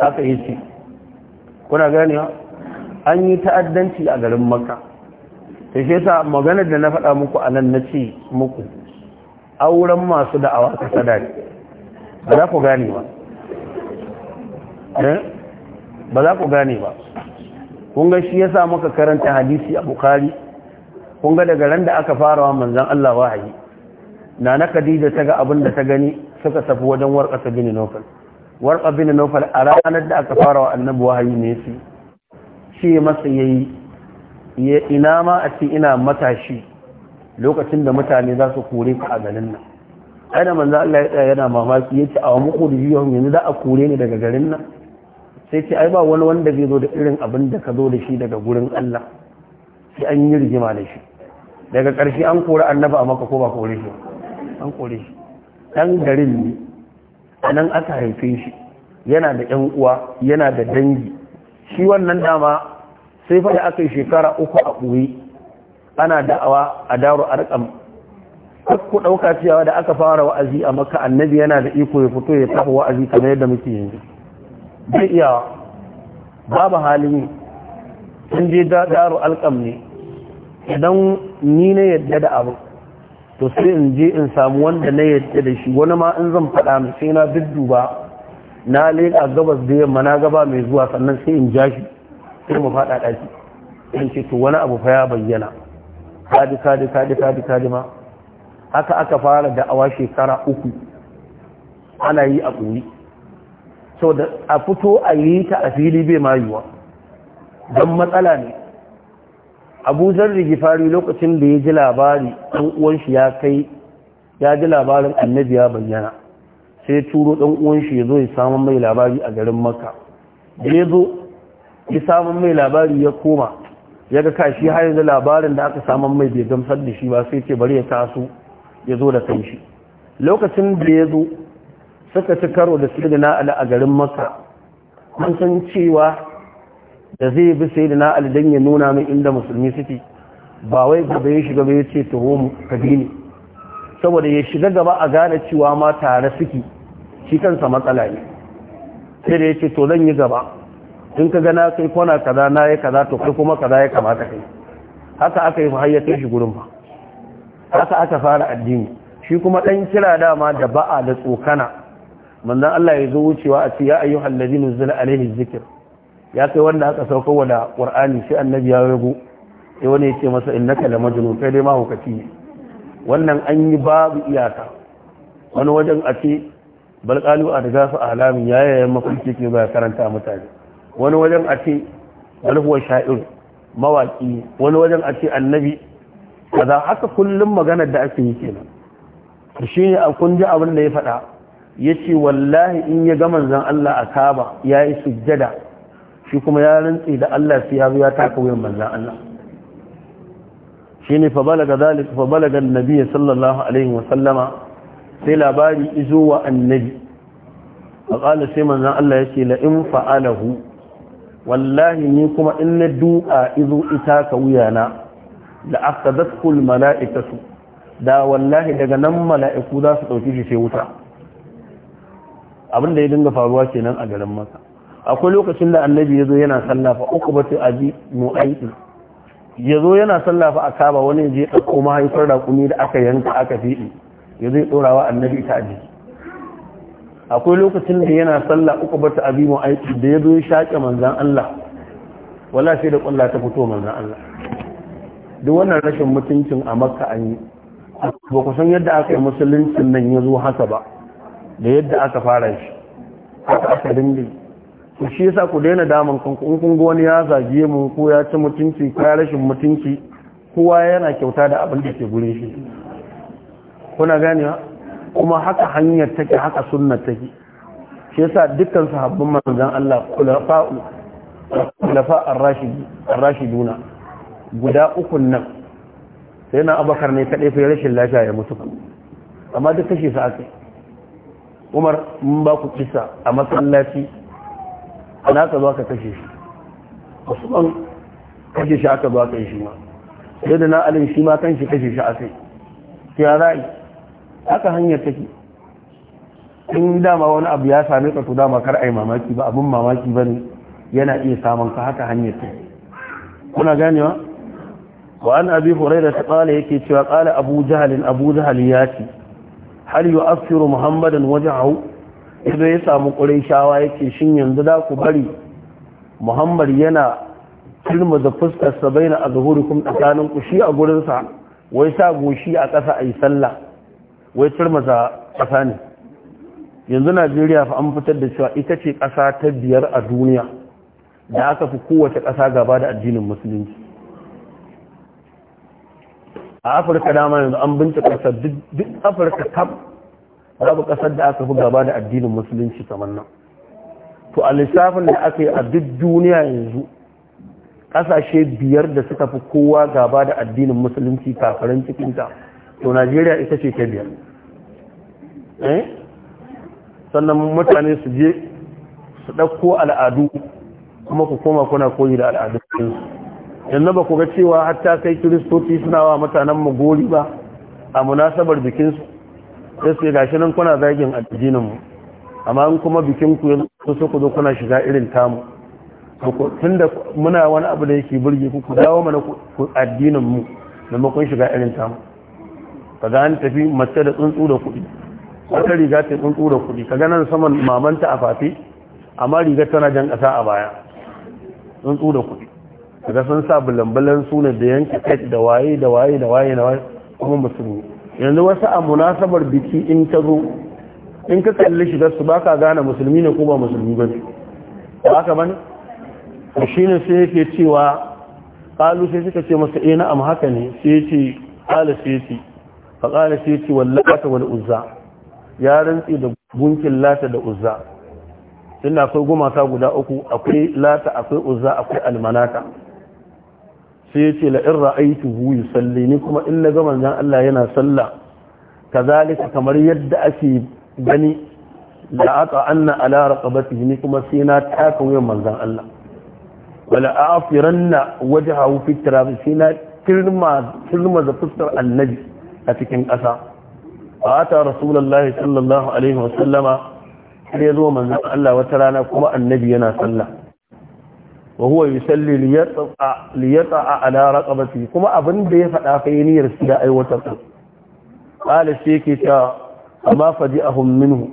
haka yace kuna gane an yi ta'addanci a garin Makka ta shi sa maganar da na faɗa muku a na nace muku auren masu da'awa ka ne ba za ku gane ba eh? ba za ku gane ba kun ga shi yasa muka karanta hadisi a Bukhari kun ga daga ran da aka fara wa manzan Allah wahayi na na kadija ta ga abin da ta gani suka tafi wajen warƙasa bin nufal warƙa bin nufal a ranar da aka fara wa annabi wahayi ne su ce masa yayi ya ina ma a ce ina matashi lokacin da mutane za su kore ka a garin nan ana manza Allah ya tsaya yana mamaki Ya ce a kudu biyu jiyon yanzu za a kore ni daga garin nan sai ce ai ba wani wanda zai zo da irin abin da ka zo da shi daga gurin Allah sai an yi rigima da shi daga ƙarshe an kori Annabi a maka ko ba kore shi ɗan ƙure ɗan garin ne a nan aka haife shi yana da ƴan uwa yana da dangi shi wannan dama sai fa da aka yi shekara uku a ɓoye ana da'awa a daru arkam ku ɗauka cewa da aka fara wa'azi a maka annabi yana da iko ya fito ya tafi wa'azi kamar yadda muke yanzu zai iya babu halin sun je daru alƙam ne idan ni na yadda da abu to sai in je in samu wanda na yadda da shi wani ma in zan faɗa mai sai na ba na leƙa gabas da yamma na gaba mai zuwa sannan sai in ja shi sai mu faɗa ɗaki in ce to wani abu fa ya bayyana kadi kadi kadi kadi kadi ma haka aka fara da awa shekara uku ana yi a ƙuri so da a fito a yi ta a fili bai mayuwa don matsala ne abu zarri gifari lokacin da ya ji labari ɗan uwan shi ya kai ya ji labarin annabi ya bayyana sai turo ɗan uwan shi ya zo ya samu mai labari a garin makka da ya zo ya samu mai labari ya koma ya ga kashi har yanzu labarin da aka samu mai bai gamsar da shi ba sai ce bari ya taso ya zo da shi lokacin da ya zo suka ci karo da sirri a garin makka mun san cewa da zai bi sai da na alidan ya nuna min inda musulmi suke ba wai gaba ya shiga ba ya ce tuho mu kabini saboda ya shiga gaba a gane cewa ma tare suke shi kansa matsala ne sai da ya ce to zan yi gaba in ka gana kai kwana kaza na ya kaza to kai kuma kaza ya kamata kai haka aka yi hayyatar shi gurin ba haka aka fara addini shi kuma dan kira dama da ba'a da tsokana manzon Allah ya zo wucewa a ce ya ayyuhal ladina zila alaihi zikr ya kai wanda aka sauka wa da qur'ani shi annabi ya yago sai wani ya ce masa innaka la majnun kai dai mahaukaci ne wannan an yi babu iyaka wani wajen a ce a daga su alamin ya yayin mafarki ke ba karanta mutane wani wajen a ce bal sha'ir mawaki wani wajen a ce annabi kaza haka kullum maganar da ake yi kenan to shine a kun ji abin da ya faɗa ya ce wallahi in ya ga manzon Allah a kaba ya yi sujjada shi kuma ya rantsi da Allah sai ya zo ya taka wuyan Allah shine fa balaga zalik fa balaga annabi sallallahu alaihi wa sallama sai labari izo wa annabi a sai manzan Allah yake la in fa'alahu wallahi ni kuma in na duka izo ita ka wuyana la akadatkul mala'ikatu da wallahi daga nan mala'iku za su ɗauki shi sai wuta abin da ya dinga faruwa kenan a garin maka akwai lokacin da annabi ya zo yana sallafa uku batu abi mu'aiki ya zo yana sallafa a kaba wani je ɗauko mahaifar raƙumi da aka yanka aka fiɗi ya zai ɗorawa annabi ta aji akwai lokacin da yana sallah uku batu mu mu'aiki da ya zo ya shaƙe manzan Allah wala sai da ƙwallah ta fito manzan Allah duk wannan rashin mutuncin a makka an yi ba ku san yadda aka yi musuluncin nan ya zo haka ba da yadda aka fara shi haka aka dinga ku shi yasa ku daina damun kanku in kun ga wani ya zage mu ko ya ci mutunci ko ya rashin mutunci kowa yana kyauta da abin da ke gure shi kuna ganewa kuma haka hanyar take haka sunna take shi yasa dukkan sahabban manzon Allah kulafa'u kulafa ar-rashidi ar-rashiduna guda uku nan sai na abakar ne kadai fa rashin lafiya ya mutu amma duk kashi sa ake Umar mun ba ku kisa a masallaci ana ka zo ka kashe shi wasu ban kashe shi aka zo aka yi shi ma sai da na alin shi ma kan shi kashe shi a kai ya ra'ayi aka hanyar take in dama wani abu ya same ka to dama kar ai mamaki ba abun mamaki ba ne yana iya samun ka haka hanyar take kuna ganewa wa an abi huraira ta kala yake cewa kala abu jahalin abu jahal ya ce hal yu'affiru muhammadan wajahu ido ya samu shawa ya ce shin yanzu da ku bari muhammad yana tilma da fuskarsa bai na kuma tsakanin ku shi a gurinsa wai sa goshi a ƙasa a yi sallah wai tilma za ƙasa ne yanzu najeriya fa an fitar da cewa ita ce ƙasa ta biyar a duniya da aka fi kowace ƙasa gaba da addinin musulunci a afirka dama yanzu an bincika duk afirka babu ƙasar da aka fi gaba da addinin musulunci kamar nan to a lissafin da aka yi a duk duniya yanzu kasashe biyar da suka fi kowa gaba da addinin musulunci kafarin ta to najeriya ita ce ta biyar eh? sannan mutane su je su ɗauko al'adu kuma ku koma kuna koyi da al'adunsu yanzu ba ku ga cewa hatta kai kiristoci suna wa mutanen magori ba a munasabar su. sai su gashi nan kuna zagin addinin mu amma in kuma bikin ku yanzu ku zo kuna shiga irin tamu tun da muna wani abu da yake burge ku ku dawo mana ku addinin mu maimakon shiga irin tamu kaga an tafi mace da tsuntsu da kuɗi wata riga ta tsuntsu da kuɗi kaga nan saman mamanta a fafi amma riga tana jan ƙasa a baya tsuntsu da kuɗi kaga sun sa bulambulan su ne da yanke kai da waye da waye da waye na waye kuma musulmi yanzu wasu a munasabar biki in ta zo in ka kalli shi su baka gane musulmi ne ko ba musulmi ba ba ka bane shi ne sai yake cewa kalu sai suka ce masa ina eh, am haka ne sai ce kala sai ce fa qala sai yace wallata wani uzza ya rantsi da gunkin lata da uzza tunda akwai gumaka guda uku akwai lata akwai uzza akwai almanata sai yace la in ra'aytuhu yusalli ni kuma in naga manzon Allah yana sallah kazalika kamar yadda ake gani la aqa anna ala raqabatihi ni kuma sai na taka waya manzon Allah wala afiranna wajhahu fi turabi sai na kirma da fuskar annabi a cikin ƙasa ata rasulullahi sallallahu alaihi wasallama sai ya manzon Allah wata rana kuma annabi yana sallah wa huwa yusalli li yata'a ala raqabati kuma abin da ya faɗa kai niyyar su da aiwatar ta qala sai yake cewa amma faji'ahum minhu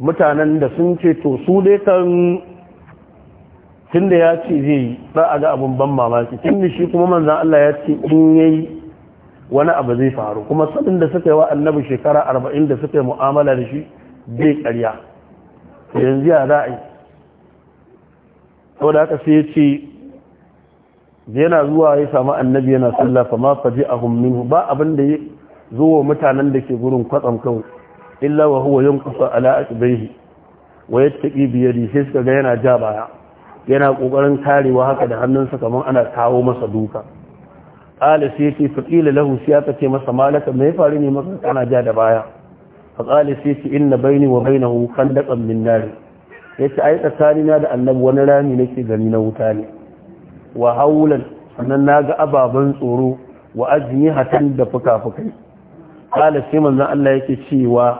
mutanen da sun ce to su dai kan tunda ya ce zai yi a ga abun ban mamaki tunda shi kuma manzan Allah ya ce in yayi wani abu zai faru kuma sabin da suka yi wa annabi shekara arba'in da suka yi mu'amala da shi zai karya yanzu ya za a yi da haka sai ya ce yana zuwa ya samu annabi yana sallah fa ma faji ahum minhu ba abin da ya zo wa mutanen da ke gurin kwatsam kan illa wa huwa yanqusa ala aqbihi wa yattaqi bi yadi sai suka ga yana ja baya yana kokarin karewa haka da hannunsa kamar ana kawo masa duka qala sai yace fa qila lahu sai ce masa malaka me faru ne maka kana ja da baya fa qala sai na inna baini wa bainahu khandaqan min nari ya ce yi tsakanina da annabi wani rami nake gani na wuta ne wa haulan sannan na ga ababen tsoro wa ajiye hatan da fuka-fukai ƙala shi manzan Allah yake cewa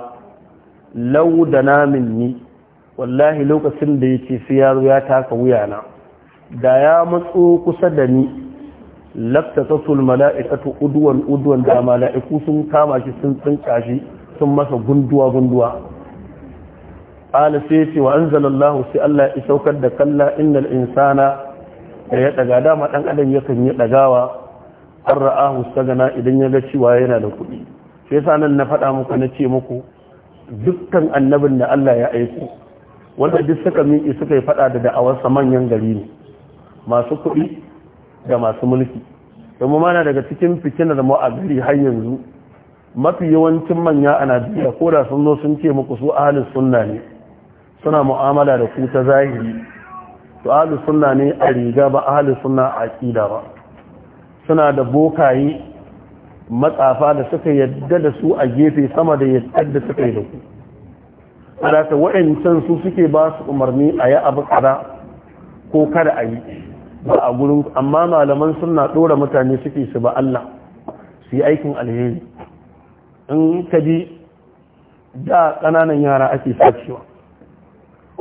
lau da namin ni wallahi lokacin da yake sai yaro ya taka wuya na da ya matso kusa da ni lafta tasul mala'ikatu uduwan uduwan da mala'iku sun kama shi sun tsinka shi sun masa gunduwa gunduwa qala sai ce wa sai Allah ya saukar da kalla innal insana da ya daga dama dan adam yakan yi dagawa an ra'ahu gana idan ya ga cewa yana da kuɗi sai yasa nan na faɗa muku na ce muku dukkan annabin da Allah ya aiko wanda duk suka miƙe suka yi faɗa da da'awarsa manyan gari ne masu kuɗi da masu mulki kuma mana daga cikin fitilar mu a gari har yanzu mafi yawancin manya a najeriya ko da sun zo sun ce muku su ahalin sunna ne suna mu'amala da ku ta zahiri to ahli sunna ne a riga ba ahli sunna a aqida ba suna da bokaye matsafa da suka yadda da su a gefe sama da yadda suka yi da ku wadata wa'ancan su suke ba su umarni a yi abu kada ko kada a yi ba a gurin amma malaman suna dora mutane suke su ba Allah su yi aikin alheri in ka ji da ƙananan yara ake sacewa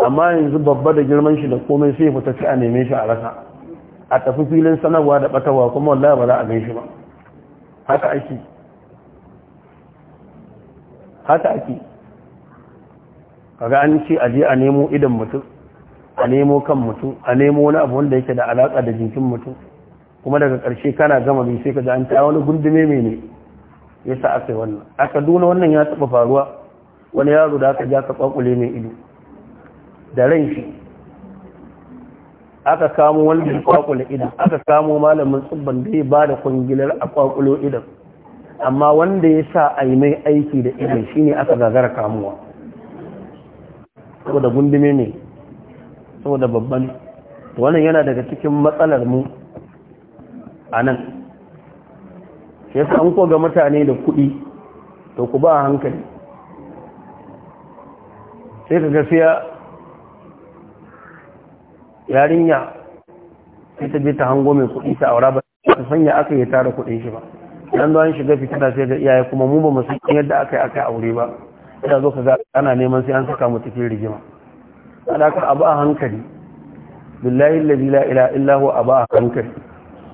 amma yanzu babba da girman shi da komai sai fita ci a neme shi a rasa a tafi filin sanarwa da batawa kuma wallahi ba za a gan shi ba haka ake haka ake kaga an ce a je a nemo idan mutum a nemo kan mutum a nemo wani abu wanda yake da alaka da jinkin mutum kuma daga karshe kana gama bi sai ka ji an ta wani gundume mai ne yasa aka yi wannan a kaduna wannan ya taɓa faruwa wani yaro da aka ja ka kwakule mai ido da rai shi aka kamo wanda ya kwakula idan aka kamo malamin tsubban da ya ba da kwangilar a kwakulo idan amma wanda ya sa a yi mai aiki da idan shi ne aka gagara kamuwa saboda gundume ne saboda babban wannan yana daga cikin matsalar mu a nan shi yasa an koga mutane da kuɗi to ku ba hankali sai ka gafiya yarinya sai ta je ta hango mai kuɗi ta aura ba su sanya aka yi tara kuɗin shi ba dan zuwa shiga fitina sai da iyaye kuma mu ba mu san yadda aka yi aka aure ba ina zo ka ga ana neman sai an saka mu cikin rigima alaka abu a hankali billahi alladhi la ilaha illa huwa abu a hankali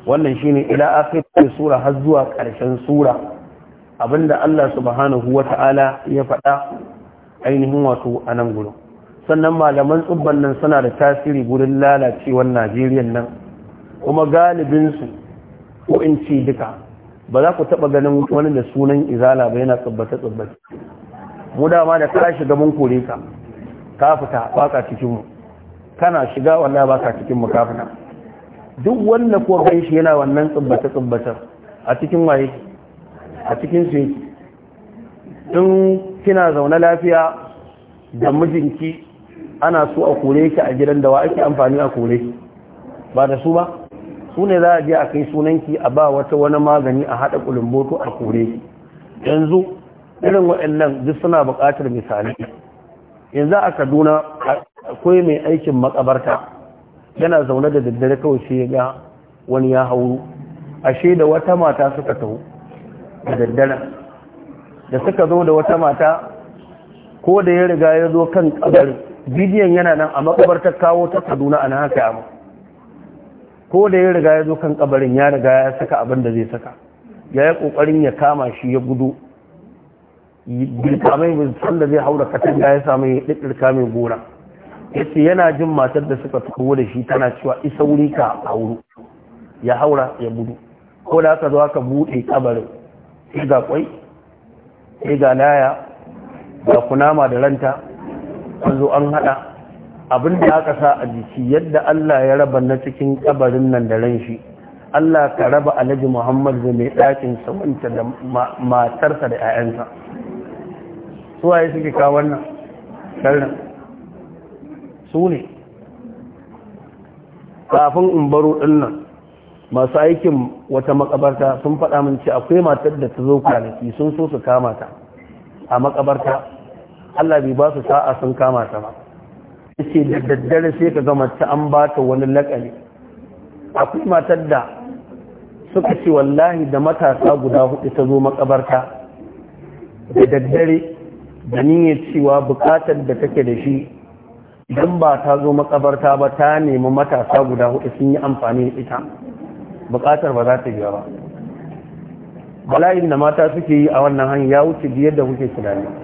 wannan shine ila akhir sura har zuwa karshen sura abinda Allah subhanahu wata'ala ya faɗa ainihin wato anan nan gurin sannan malaman tsubban nan suna da tasiri gurin lalacewar najeriya nan kuma galibinsu ko in ce duka ba za ku taɓa ganin wani da sunan izala ba yana tsubbata tsubbata mu dama da ka shiga mun kore ka ka fita baka cikinmu kana shiga wanda baka cikinmu ka fita duk wanda ko gan shi yana wannan tsubbata tsubbata a cikin waye a cikin su in kina zaune lafiya da mijinki ana so a kore ki a gidan da wa ake amfani a kore ba da su ba su ne za a je a kai sunanki a ba wata wani magani a haɗa ƙulumboto a kore yanzu irin waɗannan duk suna buƙatar misali yanzu a kaduna akwai mai aikin makabarta yana zaune da daddare kawai sai ga wani ya hauru ashe da wata mata suka taho da daddare da suka zo da wata mata ko da ya riga ya zo kan kabarin bidiyon yana nan a makabartar kawo ta kaduna a nan haka yamu ko da ya riga ya zo kan kabarin ya riga ya saka abin da zai saka ya yi kokarin ya kama shi ya gudu bilkamai bisan da zai haura katin ya samu ya ɗirka mai gora ya ce yana jin matar da suka tuko da shi tana cewa isa wuri ka wuri ya haura ya gudu ko da aka zo aka buɗe kabarin sai ga kwai sai ga laya ga kunama da ranta A zo an haɗa abin da aka sa a jiki yadda Allah ya raba na cikin kabarin nan da ran shi Allah ka raba alhaji Muhammad da mai ɗakin sa da matarsa da 'ya'yansa su waye suke kawo wannan sharrin su ne kafin in baro ɗin nan masu aikin wata makabarta sun faɗa min ce akwai matar da ta zo kwanaki sun so su kama ta a makabarta Allah bai ba su sa'a sun kama ta ba yace da daddare sai ka ga mace an ba wani lakali akwai matar da suka ce wallahi da matasa guda hudu ta zo makabarta da daddare da niyyar cewa bukatar da take da shi idan ba ta zo makabarta ba ta nemi matasa guda hudu sun yi amfani da ita bukatar ba za ta biya ba bala'in da mata suke yi a wannan hanya ya wuce biyar da kuke tunani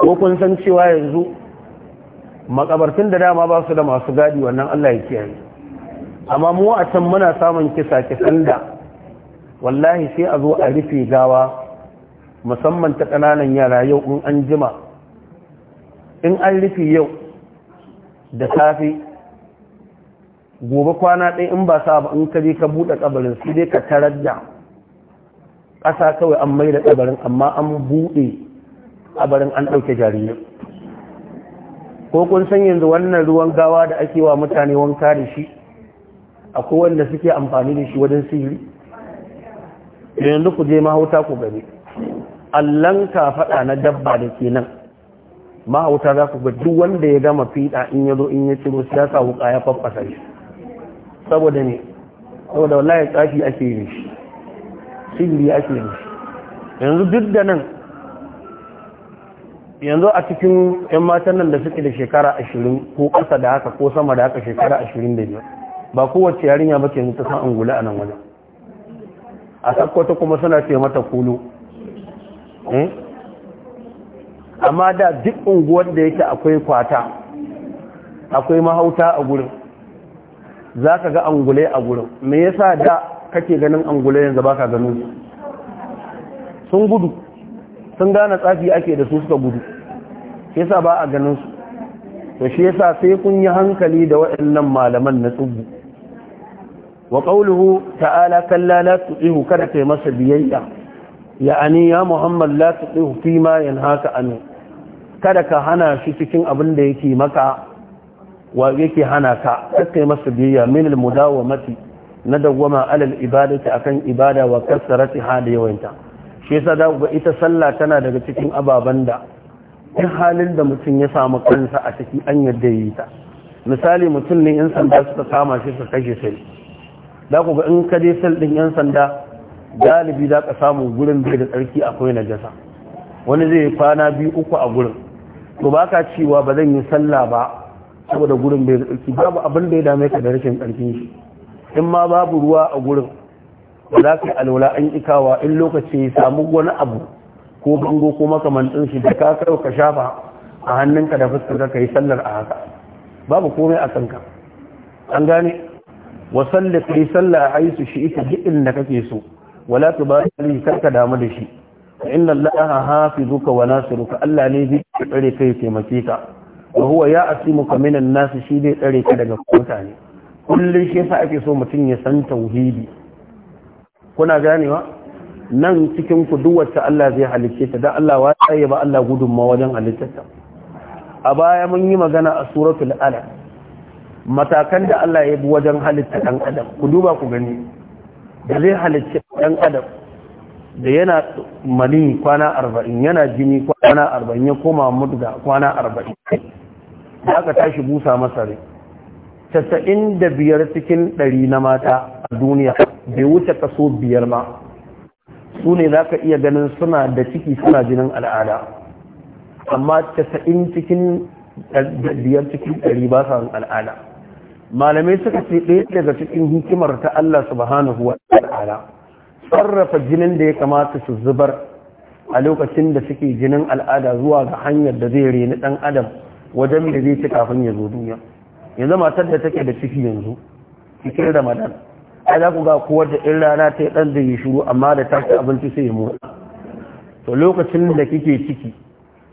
ko kun san cewa yanzu makabartun da dama ba su da masu gadi wannan Allah ya kiyaye amma mu a can muna samun kisa kisan da wallahi sai a zo a rufe gawa musamman ta kananan yara yau in an jima in an rufe yau da safe gobe kwana ɗaya in ba sa ba in ka je ka buɗe ƙabarin su dai ka tarar da ƙasa kawai an mai da ƙabarin amma an buɗe a barin an ɗauke jariyar ko kun san yanzu wannan ruwan gawa da ake wa mutane wanka da shi a wanda suke amfani da shi wajen sihiri yanzu ku je mahauta ku gani allon faɗa na dabba da ke nan mahauta za ku ga duk wanda ya gama fiɗa in ya zo in ya ciro su ya sa wuƙa ya faffasa shi saboda ne saboda wallahi tsafi ake yi shi sihiri ake yi yanzu duk da nan yanzu a cikin 'yan matan nan da suke da shekara ashirin ko ƙasa da haka ko sama da haka shekara ashirin da biyu ba kowace yarinya ba ke ta san angula a nan wajen a sakkwato kuma suna ce mata kulu eh? amma da duk unguwar da yake akwai kwata akwai mahauta a gurin za ka ga angulai a gurin me yasa da kake ganin angulai yanzu ba ka ganin sun gudu sun gane tsafi ake da su suka gudu yasa ba a ganin su to shi yasa sai kun yi hankali da waɗannan malaman na tsubu wa qawluhu ta'ala kalla la tuqihu kada kai masa biyayya ya'ani ya muhammad la tuqihu fi ma yanhaka anhu kada ka hana shi cikin abin da yake maka wa yake hana ka kai masa biyayya min al mudawamati na dawwama alal ibadati akan ibada wa kasarati hada yawanta shi yasa da ga ita sallah tana daga cikin ababen da in halin da mutum ya samu kansa a ciki an yadda yi ta misali mutum ne yan sanda suka kama shi su kashe sai da ku ga in ka je sel din yan sanda galibi za ka samu gurin bai da tsarki akwai najasa wani zai kwana biyu uku a gurin to ba ka cewa ba zan yi sallah ba saboda gurin bai da tsarki babu abin da ya dame ka da rashin tsarkin shi in ma babu ruwa a gurin ba za ka yi alwala an ikawa in lokaci ya samu wani abu ko bango ko makamantin shi da ka kai ka shafa a hannunka da fuskar ka yi sallar a haka babu komai a kanka an gane wa sallar ka yi sallar a haisu shi ita duk da kake so wala ta ba karka damu da shi inna hafi zuka wa Ka Allah ne zai tsare kai taimake ka wa ya asimuka minan nas shi zai tsare ka daga mutane Kullum shi yasa ake so mutum ya san tauhidi kuna ganewa nan cikin ku duk wacce Allah zai halicce ta dan Allah waye ba Allah gudunma wajen halittarta a baya mun yi magana a suratul alaq matakan da Allah ya bi wajen halitta dan adam ku duba ku gani da zai halicce dan adam da yana mani kwana arba'in yana jini kwana arba'in ya koma mudga kwana arba'in da aka tashi busa masa rai casa'in da biyar cikin ɗari na mata a duniya bai wuce kaso biyar ma su ne za ka iya ganin suna da ciki suna jinin al'ada amma casa'in cikin biyar cikin ɗari ba sa al'ada malamai suka ce ɗaya daga cikin hikimar ta Allah subhanahu wa ta'ala sarrafa jinin da ya kamata su zubar a lokacin da suke jinin al'ada zuwa ga hanyar da zai reni dan adam wajen da zai ci kafin ya zo duniya yanzu matar da take da ciki yanzu cikin ramadan ai za ku ga kowar da in rana ta dan da yi shiru amma da ta ci abinci sai ya motsa to lokacin da kike ciki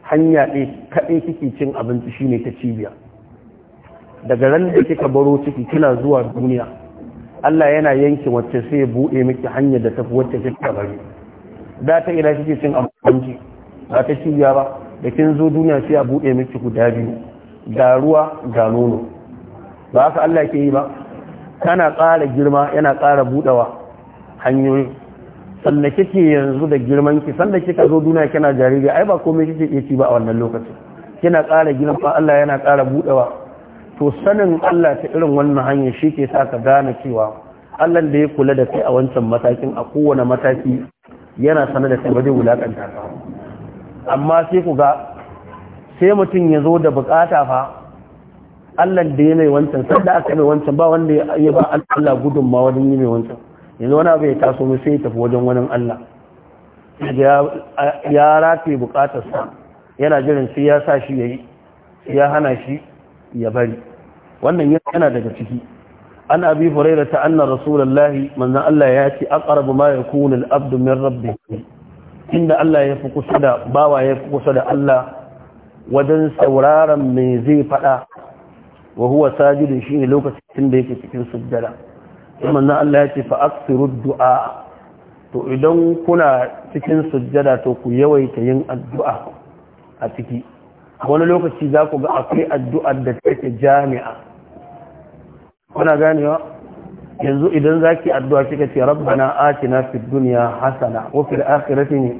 hanya ɗaya kaɗai kike cin abinci shine ta cibiya daga ran da kika baro ciki kina zuwa duniya Allah yana yanke wacce sai ya buɗe miki hanyar da tafi wacce kika bari da ta ina kike cin abinci ba ta cibiya ba da kin zo duniya sai ya buɗe miki guda biyu da ruwa ga nono ba haka Allah ke yi ba Kana ƙara girma yana ƙara buɗewa hanyoyi sannan kike yanzu da girman ki sanda kika zo duniya kina jariri ai ba komai kike iya ci ba a wannan lokacin kina ƙara girma Allah yana ƙara buɗewa. to sanin Allah ta irin wannan hanyar shi ke sa ka gane cewa Allah da ya kula da kai a wancan matakin a kowane mataki yana sanar da kai ba zai wulakanta ka amma sai ku ga sai mutum ya zo da bukata fa Allah da ya mai wancan da aka mai wancan ba wanda ya ba Allah gudunma wajen yi mai wancan yanzu wani abu ya taso mai sai ya tafi wajen wani Allah ya rafe bukatarsa yana jiran sai ya sa shi ya yi ya hana shi ya bari wannan yana daga ciki an abi furaira ta anna rasulullahi manzan Allah ya ce aqrabu ma yakunu al-abdu min rabbi. inda Allah ya fi kusa da bawa ya fi kusa da Allah wajen sauraron me zai faɗa. wa huwa sajidun shine lokacin da yake cikin sujjada kuma na Allah ya ce fa aksiru du'a to idan kuna cikin sujjada to ku yawaita yin addu'a a ciki wani lokaci za ku ga akwai addu'ar da take jami'a kuna ganewa yanzu idan za ki addu'a kika ce rabbana atina fid dunya hasana wa fil akhirati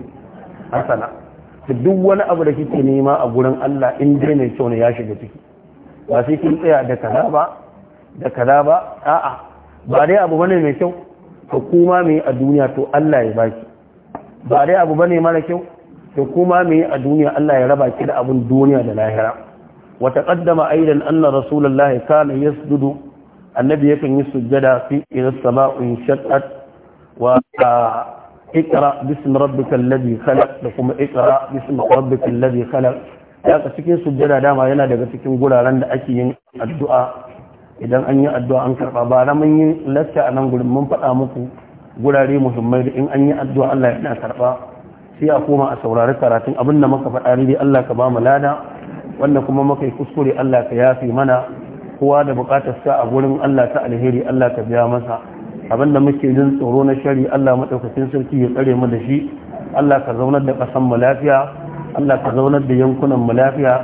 hasana duk wani abu da kike nema a gurin Allah in dai mai kyau ne ya shiga ciki ba sai kin tsaya da kaza ba da kaza ba a'a ba dai abu bane mai kyau to kuma me a duniya to Allah ya baki ba dai abu bane mara kyau to kuma me a duniya Allah ya raba ki da abun duniya da lahira wa taqaddama aidan anna rasulullahi kana yasjudu annabi yakan yi sujjada fi idza sama'u shaqqat wa اقرأ باسم ربك الذي خلق لكم اقرأ باسم ربك الذي خلق daga cikin sujjada dama yana daga cikin guraren da ake yin addu'a idan an yi addu'a an karba ba na mun yi lacca a nan gurin mun faɗa muku gurare muhimmai da in an yi addu'a Allah yana karba sai a koma a saurari karatun abin da muka faɗa ne Allah ka ba mu lada wanda kuma muka yi kuskure Allah ka yafi mana kowa da buƙatar sa a gurin Allah ta alheri Allah ka biya masa abin da muke jin tsoro na shari Allah madaukakin sarki ya tsare mu da shi Allah ka zaunar da ƙasar mu lafiya Allah ka zaunar da yankunan mu lafiya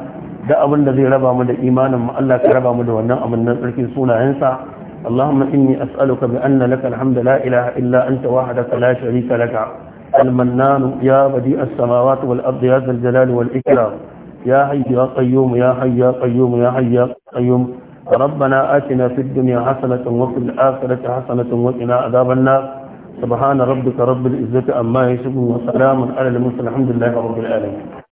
da abin da zai raba mu da imanin mu Allah ka raba mu da wannan abin nan tsarkin sunayensa Allahumma inni as'aluka bi anna laka alhamdu la ilaha illa anta wahdaka la sharika laka المنان يا بديع السماوات والارض يا ذا الجلال والاكرام يا حي يا قيوم يا حي يا قيوم يا حي يا قيوم ربنا اتنا في الدنيا حسنه وفي الاخره حسنه وقنا عذاب النار subhana rabbika rabbil izzati amma yasifun wa salamun ala al-mursalin alhamdulillahi rabbil alamin